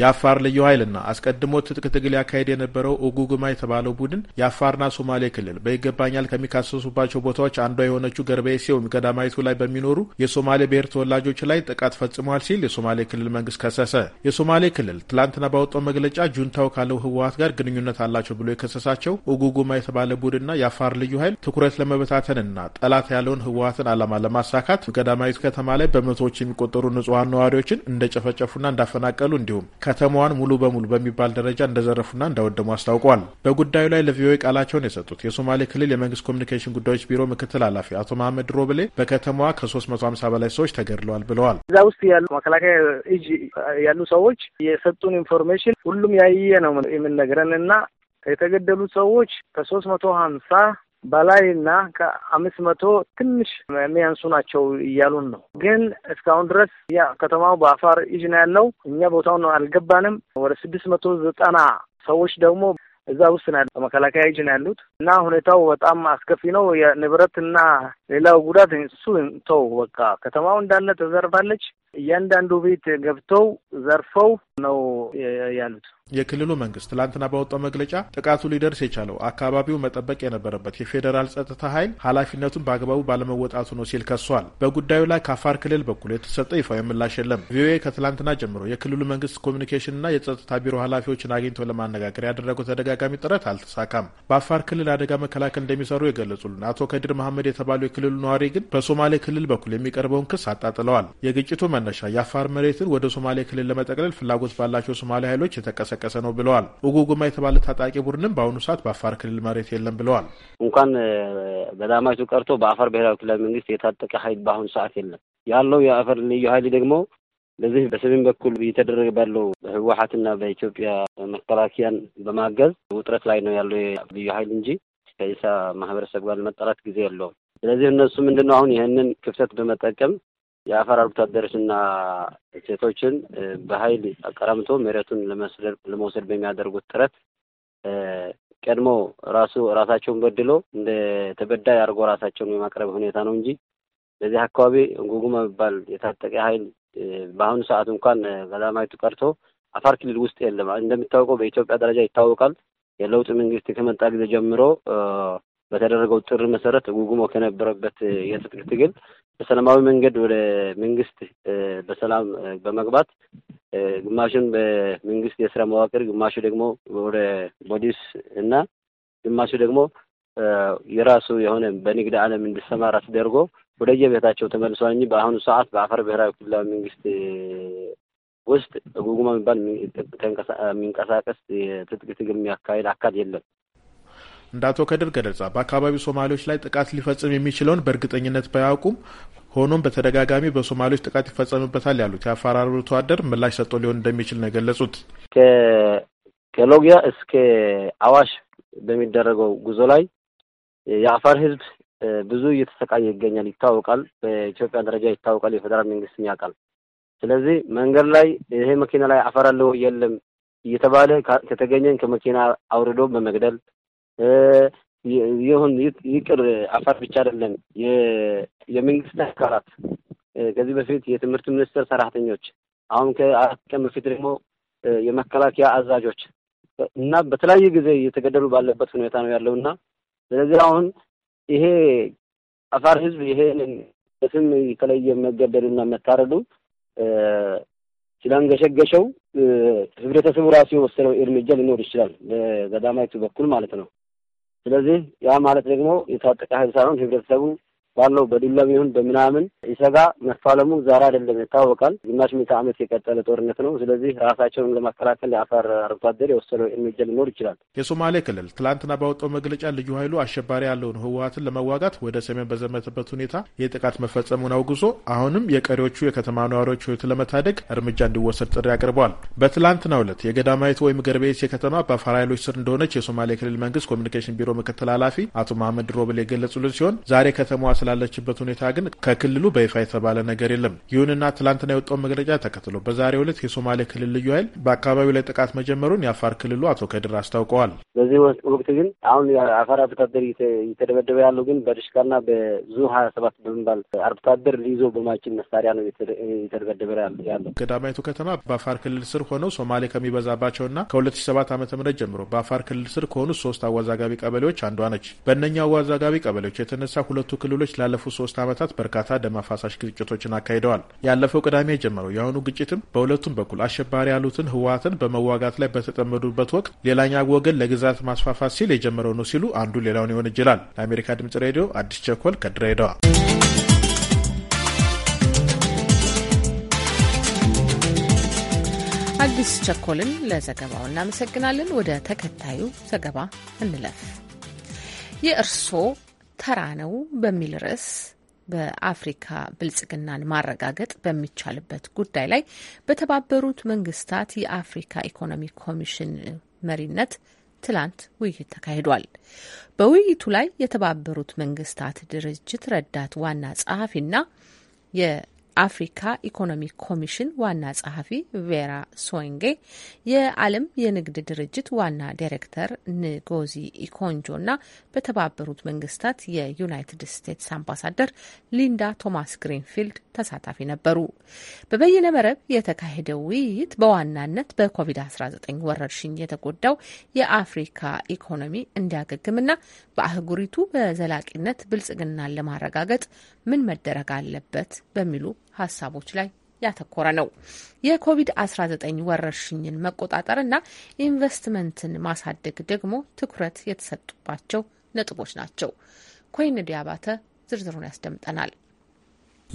Speaker 6: የአፋር ልዩ ኃይልና አስቀድሞ ትጥቅ ትግል ያካሄድ የነበረው ኡጉጉማ የተባለው ቡድን የአፋርና ሶማሌ ክልል በይገባኛል ከሚካሰሱባቸው ቦታዎች አንዷ የሆነችው ገርበኤ ሲዮን ገዳማዊቱ ላይ በሚኖሩ የሶማሌ ብሔር ተወላጆች ላይ ጥቃት ፈጽሟል ሲል የሶማሌ ክልል መንግስት ከሰሰ። የሶማሌ ክልል ትላንትና ባወጣው መግለጫ ጁንታው ካለው ህወሀት ጋር ግንኙነት አላቸው ብሎ የከሰሳቸው ኡጉጉማ የተባለ ቡድንና የአፋር ልዩ ኃይል ትኩረት ለመበታተንና ጠላት ያለውን ህወሀትን አላማ ለማሳካት ገዳማዊት ከተማ ላይ በመቶዎች የሚቆጠሩ ንጹሐን ነዋሪዎችን እንደጨፈጨፉና እንዳፈናቀሉ እንዲሁም ከተማዋን ሙሉ በሙሉ በሚባል ደረጃ እንደዘረፉና እንዳወደሙ አስታውቋል። በጉዳዩ ላይ ለቪኦኤ ቃላቸውን የሰጡት የሶማሌ ክልል የመንግስት ኮሚኒኬሽን ጉዳዮች ቢሮ ምክትል ኃላፊ አቶ መሀመድ ሮብሌ በከተማዋ ከ350 በላይ ሰዎች ተገድለዋል ብለዋል። እዛ
Speaker 7: ውስጥ ያሉ መከላከያ እጅ ያሉ ሰዎች የሰጡን ኢንፎርሜሽን ሁሉም ያየ ነው የምንነግረን እና የተገደሉት ሰዎች ከሶስት መቶ ሀምሳ በላይ እና ከአምስት መቶ ትንሽ የሚያንሱ ናቸው እያሉን ነው። ግን እስካሁን ድረስ ያ ከተማው በአፋር እጅ ነው ያለው። እኛ ቦታውን አልገባንም። ወደ ስድስት መቶ ዘጠና ሰዎች ደግሞ እዛ ውስጥ ነው ያሉት፣ በመከላከያ እጅ ነው ያሉት እና ሁኔታው በጣም አስከፊ ነው። የንብረትና ሌላው ጉዳት እሱ ተው በቃ ከተማው እንዳለ ተዘርፋለች። እያንዳንዱ ቤት ገብተው ዘርፈው ነው ያሉት።
Speaker 6: የክልሉ መንግስት ትላንትና ባወጣው መግለጫ ጥቃቱ ሊደርስ የቻለው አካባቢው መጠበቅ የነበረበት የፌዴራል ጸጥታ ኃይል ኃላፊነቱን በአግባቡ ባለመወጣቱ ነው ሲል ከሷል። በጉዳዩ ላይ ከአፋር ክልል በኩል የተሰጠ ይፋዊ ምላሽ የለም። ቪኦኤ ከትላንትና ጀምሮ የክልሉ መንግስት ኮሚኒኬሽንና የጸጥታ ቢሮ ኃላፊዎችን አግኝቶ ለማነጋገር ያደረገው ተደጋጋሚ ጥረት አልተሳካም። በአፋር ክልል አደጋ መከላከል እንደሚሰሩ የገለጹልን አቶ ከዲር መሐመድ የተባሉ የክልሉ ነዋሪ ግን በሶማሌ ክልል በኩል የሚቀርበውን ክስ አጣጥለዋል። የግጭቱ መነሻ የአፋር መሬትን ወደ ሶማሌ ክልል ለመጠቅለል ፍላጎት ባላቸው ሶማሌ ኃይሎች የተቀሰቀሰ ነው ብለዋል። ውጉጉማ የተባለ ታጣቂ ቡድንም በአሁኑ ሰዓት በአፋር ክልል መሬት የለም ብለዋል። እንኳን
Speaker 7: በዳማይቱ ቀርቶ በአፋር ብሔራዊ ክልላዊ መንግስት የታጠቀ ኃይል በአሁኑ ሰዓት የለም። ያለው የአፈር ልዩ ኃይል ደግሞ በዚህ በሰሜን በኩል እየተደረገ ባለው በህወሀትና በኢትዮጵያ መከላከያን በማገዝ ውጥረት ላይ ነው ያለው ልዩ ኃይል እንጂ ከኢሳ ማህበረሰብ ጋር ለመጣላት ጊዜ የለውም። ስለዚህ እነሱ ምንድን ነው አሁን ይህንን ክፍተት በመጠቀም የአፈር አርብቶ አደሮችና ሴቶችን በኃይል አቀራምቶ መሬቱን ለመውሰድ በሚያደርጉት ጥረት ቀድሞ ራሱ ራሳቸውን በድሎ እንደ ተበዳይ አድርጎ ራሳቸውን የማቅረብ ሁኔታ ነው እንጂ በዚህ አካባቢ ጉጉማ የሚባል የታጠቀ ኃይል በአሁኑ ሰዓት እንኳን በላማይቱ ቀርቶ አፋር ክልል ውስጥ የለም። እንደሚታወቀው በኢትዮጵያ ደረጃ ይታወቃል። የለውጥ መንግስት ከመጣ ጊዜ ጀምሮ በተደረገው ጥሪ መሰረት ጉጉሞ ከነበረበት የትጥቅ ትግል በሰላማዊ መንገድ ወደ መንግስት በሰላም በመግባት ግማሹን በመንግስት የስራ መዋቅር፣ ግማሹ ደግሞ ወደ ፖሊስ እና ግማሹ ደግሞ የራሱ የሆነ በንግድ ዓለም እንዲሰማራ ተደርጎ ወደየቤታቸው ተመልሷል እንጂ በአሁኑ ሰዓት በአፋር ብሔራዊ ክልላዊ መንግስት ውስጥ ጉጉማ የሚባል የሚንቀሳቀስ የትጥቅ ትግል የሚያካሄድ አካል የለም።
Speaker 6: እንደ አቶ ከድር ገለጻ በአካባቢው ሶማሌዎች ላይ ጥቃት ሊፈጽም የሚችለውን በእርግጠኝነት ባያውቁም ሆኖም በተደጋጋሚ በሶማሌዎች ጥቃት ይፈጸምበታል ያሉት የአፋር አርብቶ አደር ምላሽ ሰጥቶ ሊሆን እንደሚችል ነው የገለጹት።
Speaker 7: ከሎጊያ እስከ አዋሽ በሚደረገው ጉዞ ላይ የአፋር ህዝብ ብዙ እየተሰቃየ ይገኛል፣ ይታወቃል። በኢትዮጵያ ደረጃ ይታወቃል፣ የፌዴራል መንግስትም ያውቃል። ስለዚህ መንገድ ላይ ይሄ መኪና ላይ አፈር አለው የለም እየተባለ ከተገኘን ከመኪና አውርዶ በመግደል ይሁን ይቅር አፋር ብቻ አይደለም የመንግስት አካላት ከዚህ በፊት የትምህርት ሚኒስቴር ሰራተኞች፣ አሁን ከአራት ቀን በፊት ደግሞ የመከላከያ አዛዦች እና በተለያየ ጊዜ እየተገደሉ ባለበት ሁኔታ ነው ያለው እና ስለዚህ አሁን ይሄ አፋር ህዝብ ይሄንን ስም የተለየ መገደሉና መታረዱ ስላንገሸገሸው ህብረተሰቡ ራሱ የወሰደው እርምጃ ሊኖር ይችላል በገዳማይቱ በኩል ማለት ነው። ስለዚህ ያ ማለት ደግሞ የታጠቀ ኃይል ሳይሆን ህብረተሰቡ ባለው በዱላም ይሁን በምናምን ኢሰጋ መፋለሙ ዛሬ አይደለም ይታወቃል። ግማሽ ምዕተ ዓመት የቀጠለ ጦርነት ነው። ስለዚህ ራሳቸውን ለማከላከል የአፋር አርብቶ አደር የወሰደው እርምጃ
Speaker 6: ሊኖር ይችላል። የሶማሌ ክልል ትላንትና ባወጣው መግለጫ ልዩ ኃይሉ አሸባሪ ያለውን ህወሀትን ለመዋጋት ወደ ሰሜን በዘመተበት ሁኔታ የጥቃት መፈጸሙን አውግዞ አሁንም የቀሪዎቹ የከተማ ነዋሪዎች ህይወት ለመታደግ እርምጃ እንዲወሰድ ጥሪ አቅርበዋል። በትላንትናው ዕለት የገዳማዊት ወይም ገርቤሴ ከተማ በአፋር ኃይሎች ስር እንደሆነች የሶማሌ ክልል መንግስት ኮሚኒኬሽን ቢሮ ምክትል ኃላፊ አቶ መሀመድ ሮብል የገለጹልን ሲሆን ዛሬ ከተማዋ ስላለችበት ሁኔታ ግን ከክልሉ በይፋ የተባለ ነገር የለም። ይሁንና ትላንትና የወጣውን መግለጫ ተከትሎ በዛሬው ዕለት የሶማሌ ክልል ልዩ ኃይል በአካባቢው ላይ ጥቃት መጀመሩን የአፋር ክልሉ አቶ ከድር አስታውቀዋል።
Speaker 7: በዚህ ወቅት ግን አሁን የአፋር አርብቶ አደር እየተደበደበ ያለው ግን በድሽቃና በዙ ሀያ ሰባት በመባል አርብቶ አደር ሊይዞ በማጭን መሳሪያ ነው እየተደበደበ
Speaker 6: ያለው። ገዳማይቱ ከተማ በአፋር ክልል ስር ሆነው ሶማሌ ከሚበዛባቸውና ሰባት 2007 ዓ.ም ጀምሮ በአፋር ክልል ስር ከሆኑ ሶስት አዋዛጋቢ ቀበሌዎች አንዷ ነች። በእነኛ አዋዛጋቢ ቀበሌዎች የተነሳ ሁለቱ ክልሎች ላለፉት ሶስት ዓመታት በርካታ ደም አፋሳሽ ግጭቶችን አካሂደዋል። ያለፈው ቅዳሜ የጀመረው የአሁኑ ግጭትም በሁለቱም በኩል አሸባሪ ያሉትን ህወሀትን በመዋጋት ላይ በተጠመዱበት ወቅት ሌላኛ ወገን ለግዛት ማስፋፋት ሲል የጀመረው ነው ሲሉ አንዱ ሌላውን ይሆን ይችላል። ለአሜሪካ ድምጽ ሬዲዮ አዲስ ቸኮል ከድሬዳዋ።
Speaker 1: አዲስ ቸኮልን ለዘገባው እናመሰግናለን። ወደ ተከታዩ ዘገባ እንለፍ። የእርስዎ ተራ ነው በሚል ርዕስ በአፍሪካ ብልጽግናን ማረጋገጥ በሚቻልበት ጉዳይ ላይ በተባበሩት መንግስታት የአፍሪካ ኢኮኖሚ ኮሚሽን መሪነት ትላንት ውይይት ተካሂዷል። በውይይቱ ላይ የተባበሩት መንግስታት ድርጅት ረዳት ዋና ጸሐፊና የአፍሪካ ኢኮኖሚክ ኮሚሽን ዋና ጸሐፊ ቬራ ሶንጌ፣ የዓለም የንግድ ድርጅት ዋና ዳይሬክተር ንጎዚ ኢኮንጆ እና በተባበሩት መንግስታት የዩናይትድ ስቴትስ አምባሳደር ሊንዳ ቶማስ ግሪንፊልድ ተሳታፊ ነበሩ። በበይነ መረብ የተካሄደው ውይይት በዋናነት በኮቪድ-19 ወረርሽኝ የተጎዳው የአፍሪካ ኢኮኖሚ እንዲያገግምና በአህጉሪቱ በዘላቂነት ብልጽግናን ለማረጋገጥ ምን መደረግ አለበት በሚሉ ሀሳቦች ላይ ያተኮረ ነው። የኮቪድ-19 ወረርሽኝን መቆጣጠርና ኢንቨስትመንትን ማሳደግ ደግሞ ትኩረት የተሰጡባቸው ነጥቦች ናቸው። ኮይንዲ አባተ ዝርዝሩን ያስደምጠናል።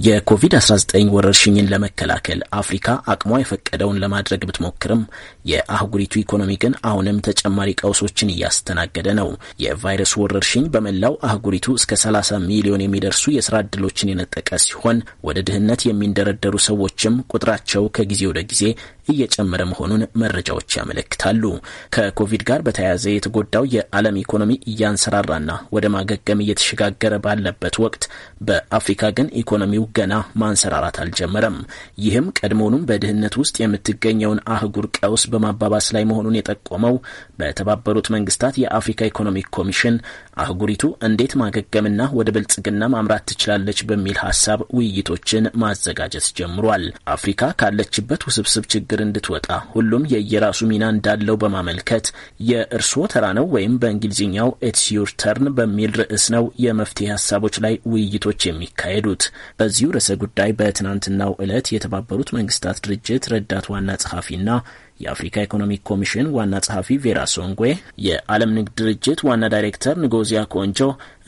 Speaker 4: የኮቪድ-19 ወረርሽኝን ለመከላከል አፍሪካ አቅሟ የፈቀደውን ለማድረግ ብትሞክርም የአህጉሪቱ ኢኮኖሚ ግን አሁንም ተጨማሪ ቀውሶችን እያስተናገደ ነው። የቫይረሱ ወረርሽኝ በመላው አህጉሪቱ እስከ 30 ሚሊዮን የሚደርሱ የስራ ዕድሎችን የነጠቀ ሲሆን ወደ ድህነት የሚንደረደሩ ሰዎችም ቁጥራቸው ከጊዜ ወደ ጊዜ እየጨመረ መሆኑን መረጃዎች ያመለክታሉ። ከኮቪድ ጋር በተያያዘ የተጎዳው የዓለም ኢኮኖሚ እያንሰራራና ወደ ማገገም እየተሸጋገረ ባለበት ወቅት በአፍሪካ ግን ኢኮኖሚው ገና ማንሰራራት አልጀመረም። ይህም ቀድሞውኑም በድህነት ውስጥ የምትገኘውን አህጉር ቀውስ በማባባስ ላይ መሆኑን የጠቆመው በተባበሩት መንግስታት የአፍሪካ ኢኮኖሚክ ኮሚሽን አህጉሪቱ እንዴት ማገገምና ወደ ብልጽግና ማምራት ትችላለች በሚል ሀሳብ ውይይቶችን ማዘጋጀት ጀምሯል። አፍሪካ ካለችበት ውስብስብ ችግር እንድትወጣ ሁሉም የየራሱ ሚና እንዳለው በማመልከት የእርስዎ ተራ ነው ወይም በእንግሊዝኛው ኢትስ ዩር ተርን በሚል ርዕስ ነው የመፍትሄ ሀሳቦች ላይ ውይይቶች የሚካሄዱት። በዚሁ ርዕሰ ጉዳይ በትናንትናው ዕለት የተባበሩት መንግስታት ድርጅት ረዳት ዋና ጸሐፊና የአፍሪካ ኢኮኖሚክ ኮሚሽን ዋና ጸሐፊ ቬራ ሶንጎ፣ የዓለም ንግድ ድርጅት ዋና ዳይሬክተር ንጎዚያ ኮንጆ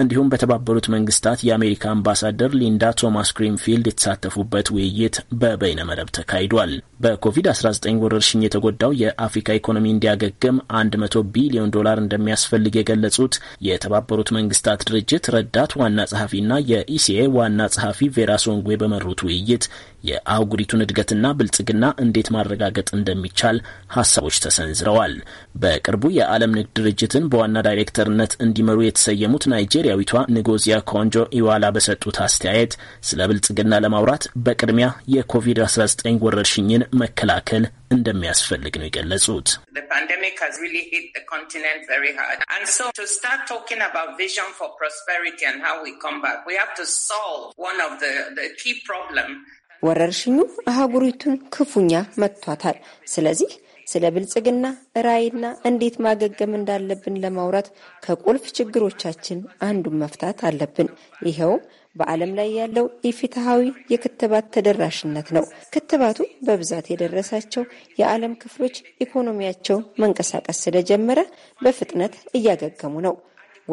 Speaker 4: እንዲሁም በተባበሩት መንግስታት የአሜሪካ አምባሳደር ሊንዳ ቶማስ ግሪንፊልድ የተሳተፉበት ውይይት በበይነመረብ ተካሂዷል። በኮቪድ-19 ወረርሽኝ የተጎዳው የአፍሪካ ኢኮኖሚ እንዲያገግም 100 ቢሊዮን ዶላር እንደሚያስፈልግ የገለጹት የተባበሩት መንግስታት ድርጅት ረዳት ዋና ጸሐፊና የኢሲኤ ዋና ጸሐፊ ቬራ ሶንጉዌ በመሩት ውይይት የአህጉሪቱን እድገትና ብልጽግና እንዴት ማረጋገጥ እንደሚቻል ሀሳቦች ተሰንዝረዋል። በቅርቡ የዓለም ንግድ ድርጅትን በዋና ዳይሬክተርነት እንዲመሩ የተሰየሙት ናይጄሪያ ናይጄሪያዊቷ ንጎዚያ ኮንጆ ኢዋላ በሰጡት አስተያየት ስለ ብልጽግና ለማውራት በቅድሚያ የኮቪድ-19 ወረርሽኝን መከላከል እንደሚያስፈልግ ነው የገለጹት።
Speaker 12: ወረርሽኙ አህጉሪቱን ክፉኛ መጥቷታል። ስለዚህ ስለ ብልጽግና ራዕይና እንዴት ማገገም እንዳለብን ለማውራት ከቁልፍ ችግሮቻችን አንዱን መፍታት አለብን። ይኸው በዓለም ላይ ያለው ኢፍትሐዊ የክትባት ተደራሽነት ነው። ክትባቱ በብዛት የደረሳቸው የዓለም ክፍሎች ኢኮኖሚያቸው መንቀሳቀስ ስለጀመረ በፍጥነት እያገገሙ ነው።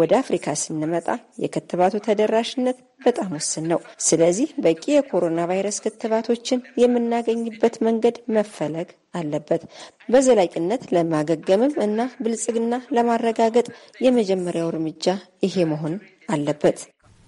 Speaker 12: ወደ አፍሪካ ስንመጣ የክትባቱ ተደራሽነት በጣም ውስን ነው። ስለዚህ በቂ የኮሮና ቫይረስ ክትባቶችን የምናገኝበት መንገድ መፈለግ አለበት። በዘላቂነት ለማገገምም እና ብልጽግና ለማረጋገጥ የመጀመሪያው እርምጃ ይሄ መሆን አለበት።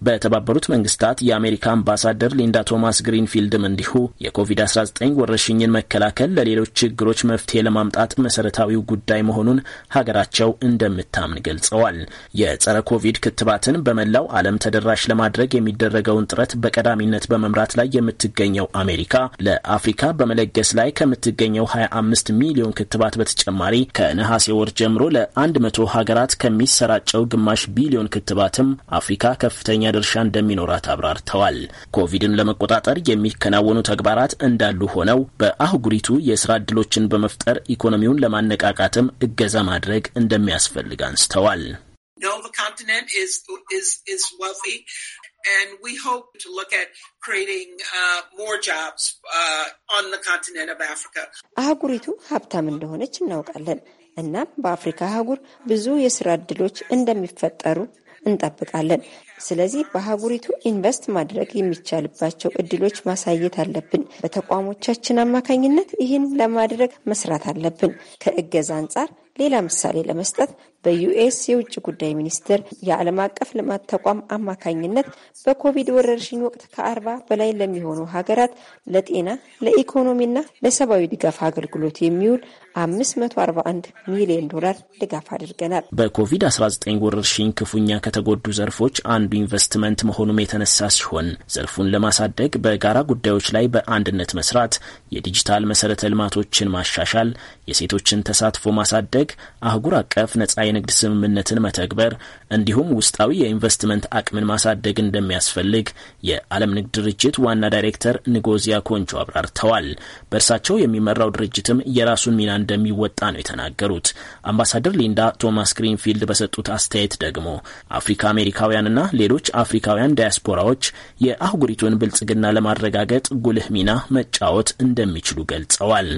Speaker 4: በተባበሩት መንግስታት የአሜሪካ አምባሳደር ሊንዳ ቶማስ ግሪንፊልድም እንዲሁ የኮቪድ-19 ወረርሽኝን መከላከል ለሌሎች ችግሮች መፍትሄ ለማምጣት መሰረታዊው ጉዳይ መሆኑን ሀገራቸው እንደምታምን ገልጸዋል። የጸረ ኮቪድ ክትባትን በመላው ዓለም ተደራሽ ለማድረግ የሚደረገውን ጥረት በቀዳሚነት በመምራት ላይ የምትገኘው አሜሪካ ለአፍሪካ በመለገስ ላይ ከምትገኘው 25 ሚሊዮን ክትባት በተጨማሪ ከነሐሴ ወር ጀምሮ ለ100 ሀገራት ከሚሰራጨው ግማሽ ቢሊዮን ክትባትም አፍሪካ ከፍተኛ ድርሻ እንደሚኖራት አብራርተዋል። ኮቪድን ለመቆጣጠር የሚከናወኑ ተግባራት እንዳሉ ሆነው በአህጉሪቱ የስራ እድሎችን በመፍጠር ኢኮኖሚውን ለማነቃቃትም እገዛ ማድረግ እንደሚያስፈልግ አንስተዋል።
Speaker 11: uh, uh,
Speaker 12: አህጉሪቱ ሀብታም እንደሆነች እናውቃለን። እናም በአፍሪካ አህጉር ብዙ የስራ እድሎች እንደሚፈጠሩ እንጠብቃለን። ስለዚህ በሀጉሪቱ ኢንቨስት ማድረግ የሚቻልባቸው እድሎች ማሳየት አለብን። በተቋሞቻችን አማካኝነት ይህን ለማድረግ መስራት አለብን። ከእገዛ አንጻር ሌላ ምሳሌ ለመስጠት በዩኤስ የውጭ ጉዳይ ሚኒስቴር የዓለም አቀፍ ልማት ተቋም አማካኝነት በኮቪድ ወረርሽኝ ወቅት ከአርባ በላይ ለሚሆኑ ሀገራት ለጤና ለኢኮኖሚና ለሰብአዊ ድጋፍ አገልግሎት የሚውል 541 ሚሊዮን ዶላር ድጋፍ አድርገናል።
Speaker 4: በኮቪድ-19 ወረርሽኝ ክፉኛ ከተጎዱ ዘርፎች አንዱ ኢንቨስትመንት መሆኑም የተነሳ ሲሆን ዘርፉን ለማሳደግ በጋራ ጉዳዮች ላይ በአንድነት መስራት፣ የዲጂታል መሰረተ ልማቶችን ማሻሻል፣ የሴቶችን ተሳትፎ ማሳደግ፣ አህጉር አቀፍ ነጻ የንግድ ስምምነትን መተግበር እንዲሁም ውስጣዊ የኢንቨስትመንት አቅምን ማሳደግ እንደሚያስፈልግ የዓለም ንግድ ድርጅት ዋና ዳይሬክተር ንጎዚያ ኮንቾ አብራርተዋል። በእርሳቸው የሚመራው ድርጅትም የራሱን ሚና እንደሚወጣ ነው የተናገሩት። አምባሳደር ሊንዳ ቶማስ ግሪንፊልድ በሰጡት አስተያየት ደግሞ አፍሪካ አሜሪካውያንና ሌሎች አፍሪካውያን ዳያስፖራዎች የአህጉሪቱን ብልጽግና ለማረጋገጥ ጉልህ ሚና መጫወት እንደሚችሉ ገልጸዋል።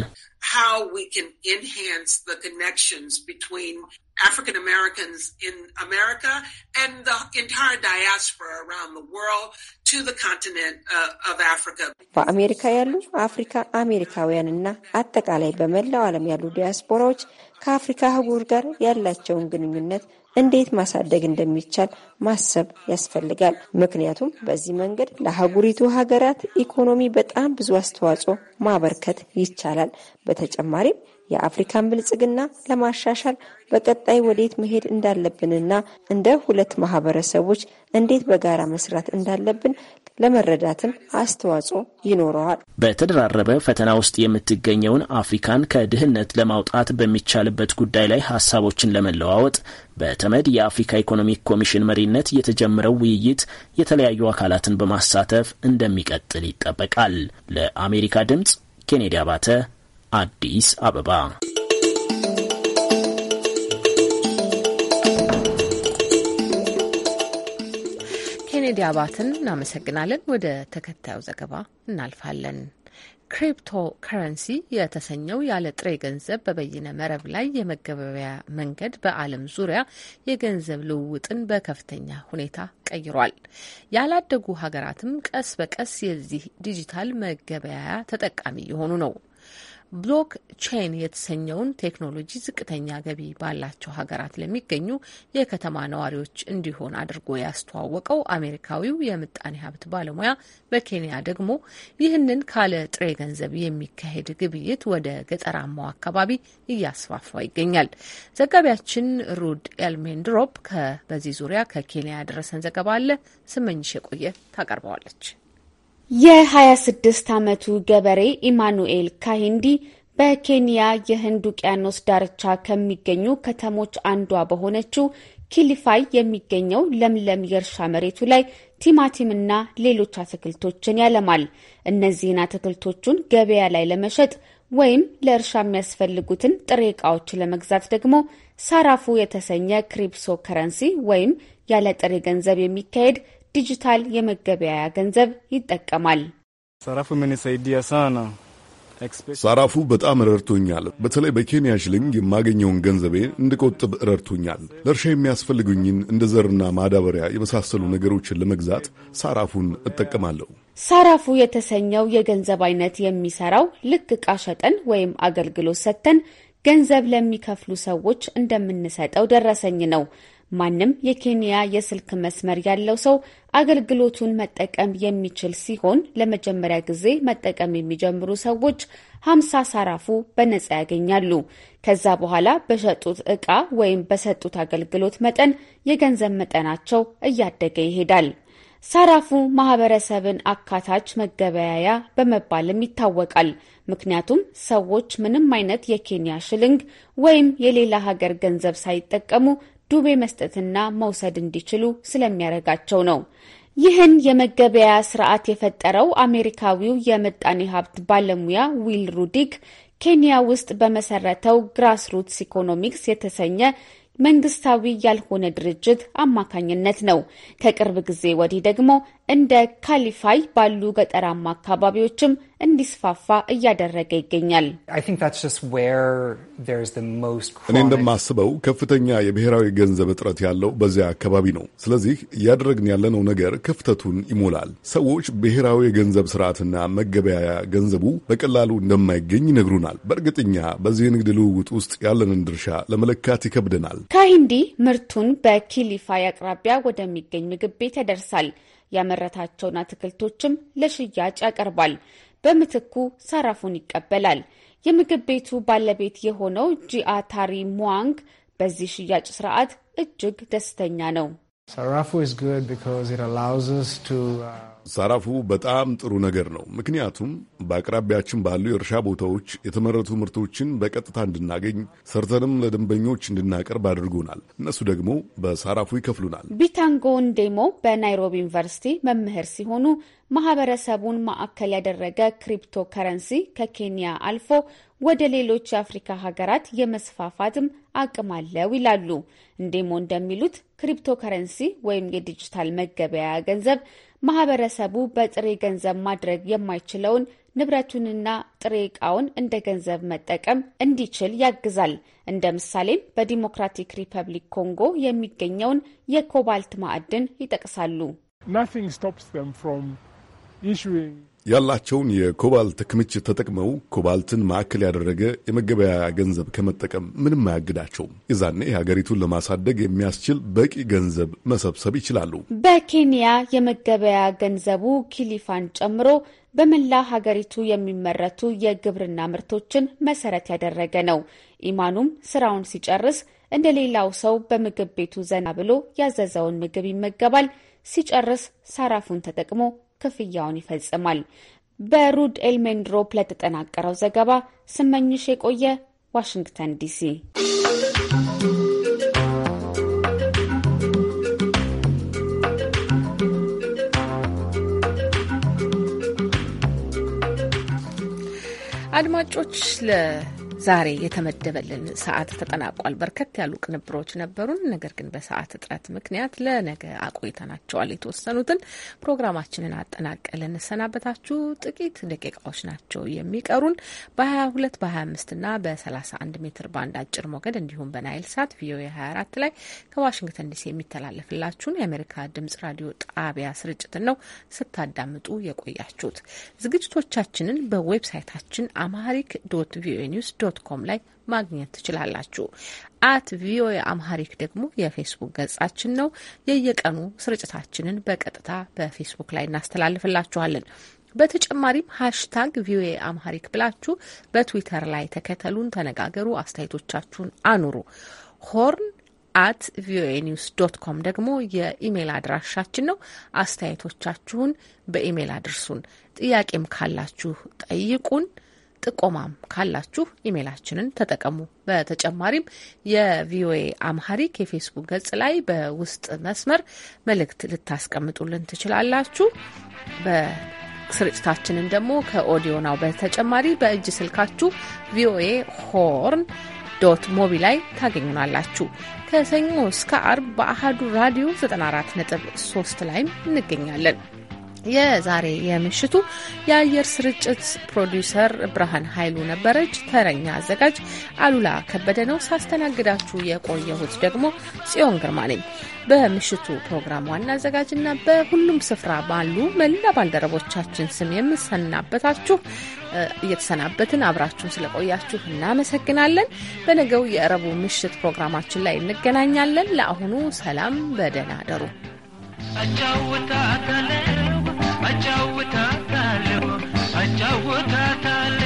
Speaker 11: how we can enhance the connections between African Americans in America and the entire diaspora around the world to the continent uh, of Africa.
Speaker 12: በአሜሪካ ያሉ አፍሪካ አሜሪካውያንና አጠቃላይ በመላው ዓለም ያሉ ዲያስፖራዎች ከአፍሪካ አህጉር ጋር ያላቸውን ግንኙነት እንዴት ማሳደግ እንደሚቻል ማሰብ ያስፈልጋል። ምክንያቱም በዚህ መንገድ ለአህጉሪቱ ሀገራት ኢኮኖሚ በጣም ብዙ አስተዋጽኦ ማበርከት ይቻላል። በተጨማሪም የአፍሪካን ብልጽግና ለማሻሻል በቀጣይ ወዴት መሄድ እንዳለብንና እንደ ሁለት ማህበረሰቦች እንዴት በጋራ መስራት እንዳለብን ለመረዳትም አስተዋጽኦ ይኖረዋል።
Speaker 4: በተደራረበ ፈተና ውስጥ የምትገኘውን አፍሪካን ከድህነት ለማውጣት በሚቻልበት ጉዳይ ላይ ሀሳቦችን ለመለዋወጥ በተመድ የአፍሪካ ኢኮኖሚክ ኮሚሽን መሪነት የተጀመረው ውይይት የተለያዩ አካላትን በማሳተፍ እንደሚቀጥል ይጠበቃል። ለአሜሪካ ድምጽ ኬኔዲ አባተ አዲስ አበባ።
Speaker 1: ኬኔዲ አባትን እናመሰግናለን። ወደ ተከታዩ ዘገባ እናልፋለን። ክሪፕቶ ከረንሲ የተሰኘው ያለ ጥሬ ገንዘብ በበይነ መረብ ላይ የመገበያያ መንገድ በዓለም ዙሪያ የገንዘብ ልውውጥን በከፍተኛ ሁኔታ ቀይሯል። ያላደጉ ሀገራትም ቀስ በቀስ የዚህ ዲጂታል መገበያያ ተጠቃሚ የሆኑ ነው። ብሎክ ቼን የተሰኘውን ቴክኖሎጂ ዝቅተኛ ገቢ ባላቸው ሀገራት ለሚገኙ የከተማ ነዋሪዎች እንዲሆን አድርጎ ያስተዋወቀው አሜሪካዊው የምጣኔ ሀብት ባለሙያ በኬንያ ደግሞ ይህንን ካለ ጥሬ ገንዘብ የሚካሄድ ግብይት ወደ ገጠራማው አካባቢ እያስፋፋ ይገኛል። ዘጋቢያችን ሩድ ኤልሜንድሮፕ በዚህ ዙሪያ ከኬንያ ያደረሰን ዘገባ አለ። ስመኝሽ የቆየ ታቀርበዋለች።
Speaker 14: የ26 ዓመቱ ገበሬ ኢማኑኤል ካሂንዲ በኬንያ የህንድ ውቅያኖስ ዳርቻ ከሚገኙ ከተሞች አንዷ በሆነችው ኪሊፋይ የሚገኘው ለምለም የእርሻ መሬቱ ላይ ቲማቲምና ሌሎች አትክልቶችን ያለማል። እነዚህን አትክልቶቹን ገበያ ላይ ለመሸጥ ወይም ለእርሻ የሚያስፈልጉትን ጥሬ ዕቃዎች ለመግዛት ደግሞ ሳራፉ የተሰኘ ክሪፕሶ ከረንሲ ወይም ያለ ጥሬ ገንዘብ የሚካሄድ ዲጂታል የመገበያያ ገንዘብ ይጠቀማል።
Speaker 11: ሳራፉ በጣም ረድቶኛል። በተለይ በኬንያ ሽልንግ የማገኘውን ገንዘቤ እንድቆጥብ ረድቶኛል። ለእርሻ የሚያስፈልጉኝን እንደ ዘርና ማዳበሪያ የመሳሰሉ ነገሮችን ለመግዛት ሳራፉን እጠቀማለሁ።
Speaker 14: ሳራፉ የተሰኘው የገንዘብ አይነት የሚሰራው ልክ ዕቃ ሸጠን ወይም አገልግሎት ሰጥተን ገንዘብ ለሚከፍሉ ሰዎች እንደምንሰጠው ደረሰኝ ነው። ማንም የኬንያ የስልክ መስመር ያለው ሰው አገልግሎቱን መጠቀም የሚችል ሲሆን ለመጀመሪያ ጊዜ መጠቀም የሚጀምሩ ሰዎች ሀምሳ ሳራፉ በነጻ ያገኛሉ። ከዛ በኋላ በሸጡት ዕቃ ወይም በሰጡት አገልግሎት መጠን የገንዘብ መጠናቸው እያደገ ይሄዳል። ሳራፉ ማህበረሰብን አካታች መገበያያ በመባልም ይታወቃል። ምክንያቱም ሰዎች ምንም አይነት የኬንያ ሽልንግ ወይም የሌላ ሀገር ገንዘብ ሳይጠቀሙ ዱቤ መስጠትና መውሰድ እንዲችሉ ስለሚያደርጋቸው ነው። ይህን የመገበያያ ስርዓት የፈጠረው አሜሪካዊው የምጣኔ ሀብት ባለሙያ ዊል ሩዲክ ኬንያ ውስጥ በመሰረተው ግራስ ሩትስ ኢኮኖሚክስ የተሰኘ መንግስታዊ ያልሆነ ድርጅት አማካኝነት ነው። ከቅርብ ጊዜ ወዲህ ደግሞ እንደ ካሊፋይ ባሉ ገጠራማ አካባቢዎችም እንዲስፋፋ እያደረገ ይገኛል።
Speaker 11: እኔ እንደማስበው ከፍተኛ የብሔራዊ ገንዘብ እጥረት ያለው በዚያ አካባቢ ነው። ስለዚህ እያደረግን ያለነው ነገር ክፍተቱን ይሞላል። ሰዎች ብሔራዊ የገንዘብ ስርዓትና መገበያያ ገንዘቡ በቀላሉ እንደማይገኝ ይነግሩናል። በእርግጠኛ በዚህ የንግድ ልውውጥ ውስጥ ያለንን ድርሻ ለመለካት ይከብደናል።
Speaker 14: ካሂንዲ ምርቱን በኪሊፋይ አቅራቢያ ወደሚገኝ ምግብ ቤት ያደርሳል። ያመረታቸውን አትክልቶችም ለሽያጭ ያቀርባል። በምትኩ ሳራፉን ይቀበላል። የምግብ ቤቱ ባለቤት የሆነው ጂአታሪ ሙዋንግ በዚህ ሽያጭ ስርዓት እጅግ ደስተኛ ነው።
Speaker 8: ሳራፉ
Speaker 11: ሳራፉ በጣም ጥሩ ነገር ነው። ምክንያቱም በአቅራቢያችን ባሉ የእርሻ ቦታዎች የተመረቱ ምርቶችን በቀጥታ እንድናገኝ ሰርተንም ለደንበኞች እንድናቀርብ አድርጎናል። እነሱ ደግሞ በሳራፉ ይከፍሉናል።
Speaker 14: ቢታንጎ እንዴሞ በናይሮቢ ዩኒቨርሲቲ መምህር ሲሆኑ ማህበረሰቡን ማዕከል ያደረገ ክሪፕቶ ከረንሲ ከኬንያ አልፎ ወደ ሌሎች የአፍሪካ ሀገራት የመስፋፋትም አቅም አለው ይላሉ። እንዴሞ እንደሚሉት ክሪፕቶ ከረንሲ ወይም የዲጂታል መገበያያ ገንዘብ ማህበረሰቡ በጥሬ ገንዘብ ማድረግ የማይችለውን ንብረቱንና ጥሬ ዕቃውን እንደ ገንዘብ መጠቀም እንዲችል ያግዛል። እንደ ምሳሌም በዲሞክራቲክ ሪፐብሊክ ኮንጎ የሚገኘውን የኮባልት ማዕድን ይጠቅሳሉ።
Speaker 11: ያላቸውን የኮባልት ክምችት ተጠቅመው ኮባልትን ማዕከል ያደረገ የመገበያ ገንዘብ ከመጠቀም ምንም አያግዳቸውም። የዛኔ ሀገሪቱን ለማሳደግ የሚያስችል በቂ ገንዘብ መሰብሰብ ይችላሉ።
Speaker 14: በኬንያ የመገበያ ገንዘቡ ኪሊፋን ጨምሮ በመላ ሀገሪቱ የሚመረቱ የግብርና ምርቶችን መሰረት ያደረገ ነው። ኢማኑም ስራውን ሲጨርስ እንደ ሌላው ሰው በምግብ ቤቱ ዘና ብሎ ያዘዘውን ምግብ ይመገባል። ሲጨርስ ሳራፉን ተጠቅሞ ክፍያውን ይፈጽማል። በሩድ ኤልሜንድሮፕ ለተጠናቀረው ዘገባ ስመኝሽ የቆየ ዋሽንግተን ዲሲ።
Speaker 1: አድማጮች ለ ዛሬ የተመደበልን ሰዓት ተጠናቋል። በርከት ያሉ ቅንብሮች ነበሩን፣ ነገር ግን በሰዓት እጥረት ምክንያት ለነገ አቆይተናቸዋል የተወሰኑትን። ፕሮግራማችንን አጠናቀን ልንሰናበታችሁ ጥቂት ደቂቃዎች ናቸው የሚቀሩን። በ22 በ25 እና በ31 ሜትር ባንድ አጭር ሞገድ እንዲሁም በናይል ሳት ቪኦኤ 24 ላይ ከዋሽንግተን ዲሲ የሚተላለፍላችሁን የአሜሪካ ድምጽ ራዲዮ ጣቢያ ስርጭትን ነው ስታዳምጡ የቆያችሁት። ዝግጅቶቻችንን በዌብሳይታችን አማሪክ ዶት ቪኦኤ ኒውስ ዶት ዶት ኮም ላይ ማግኘት ትችላላችሁ። አት ቪኦኤ አምሃሪክ ደግሞ የፌስቡክ ገጻችን ነው። የየቀኑ ስርጭታችንን በቀጥታ በፌስቡክ ላይ እናስተላልፍላችኋለን። በተጨማሪም ሀሽታግ ቪኦኤ አምሃሪክ ብላችሁ በትዊተር ላይ ተከተሉን፣ ተነጋገሩ፣ አስተያየቶቻችሁን አኑሩ። ሆርን አት ቪኦኤ ኒውስ ዶት ኮም ደግሞ የኢሜይል አድራሻችን ነው። አስተያየቶቻችሁን በኢሜይል አድርሱን። ጥያቄም ካላችሁ ጠይቁን። ጥቆማም ካላችሁ ኢሜይላችንን ተጠቀሙ። በተጨማሪም የቪኦኤ አምሃሪክ የፌስቡክ ገጽ ላይ በውስጥ መስመር መልእክት ልታስቀምጡልን ትችላላችሁ። በስርጭታችንን ደግሞ ከኦዲዮ ናው በተጨማሪ በእጅ ስልካችሁ ቪኦኤ ሆርን ዶት ሞቢ ላይ ታገኙናላችሁ። ከሰኞ እስከ አርብ በአህዱ ራዲዮ 94.3 ላይም እንገኛለን። የዛሬ የምሽቱ የአየር ስርጭት ፕሮዲውሰር ብርሃን ኃይሉ ነበረች። ተረኛ አዘጋጅ አሉላ ከበደ ነው። ሳስተናግዳችሁ የቆየሁት ደግሞ ጽዮን ግርማ ነኝ። በምሽቱ ፕሮግራም ዋና አዘጋጅና በሁሉም ስፍራ ባሉ መላ ባልደረቦቻችን ስም የምሰናበታችሁ እየተሰናበትን አብራችሁን ስለቆያችሁ እናመሰግናለን። በነገው የረቡ ምሽት ፕሮግራማችን ላይ እንገናኛለን። ለአሁኑ ሰላም፣ በደህና አደሩ።
Speaker 2: አጫውታታለሁ አጫውታታለሁ አጫውታታለሁ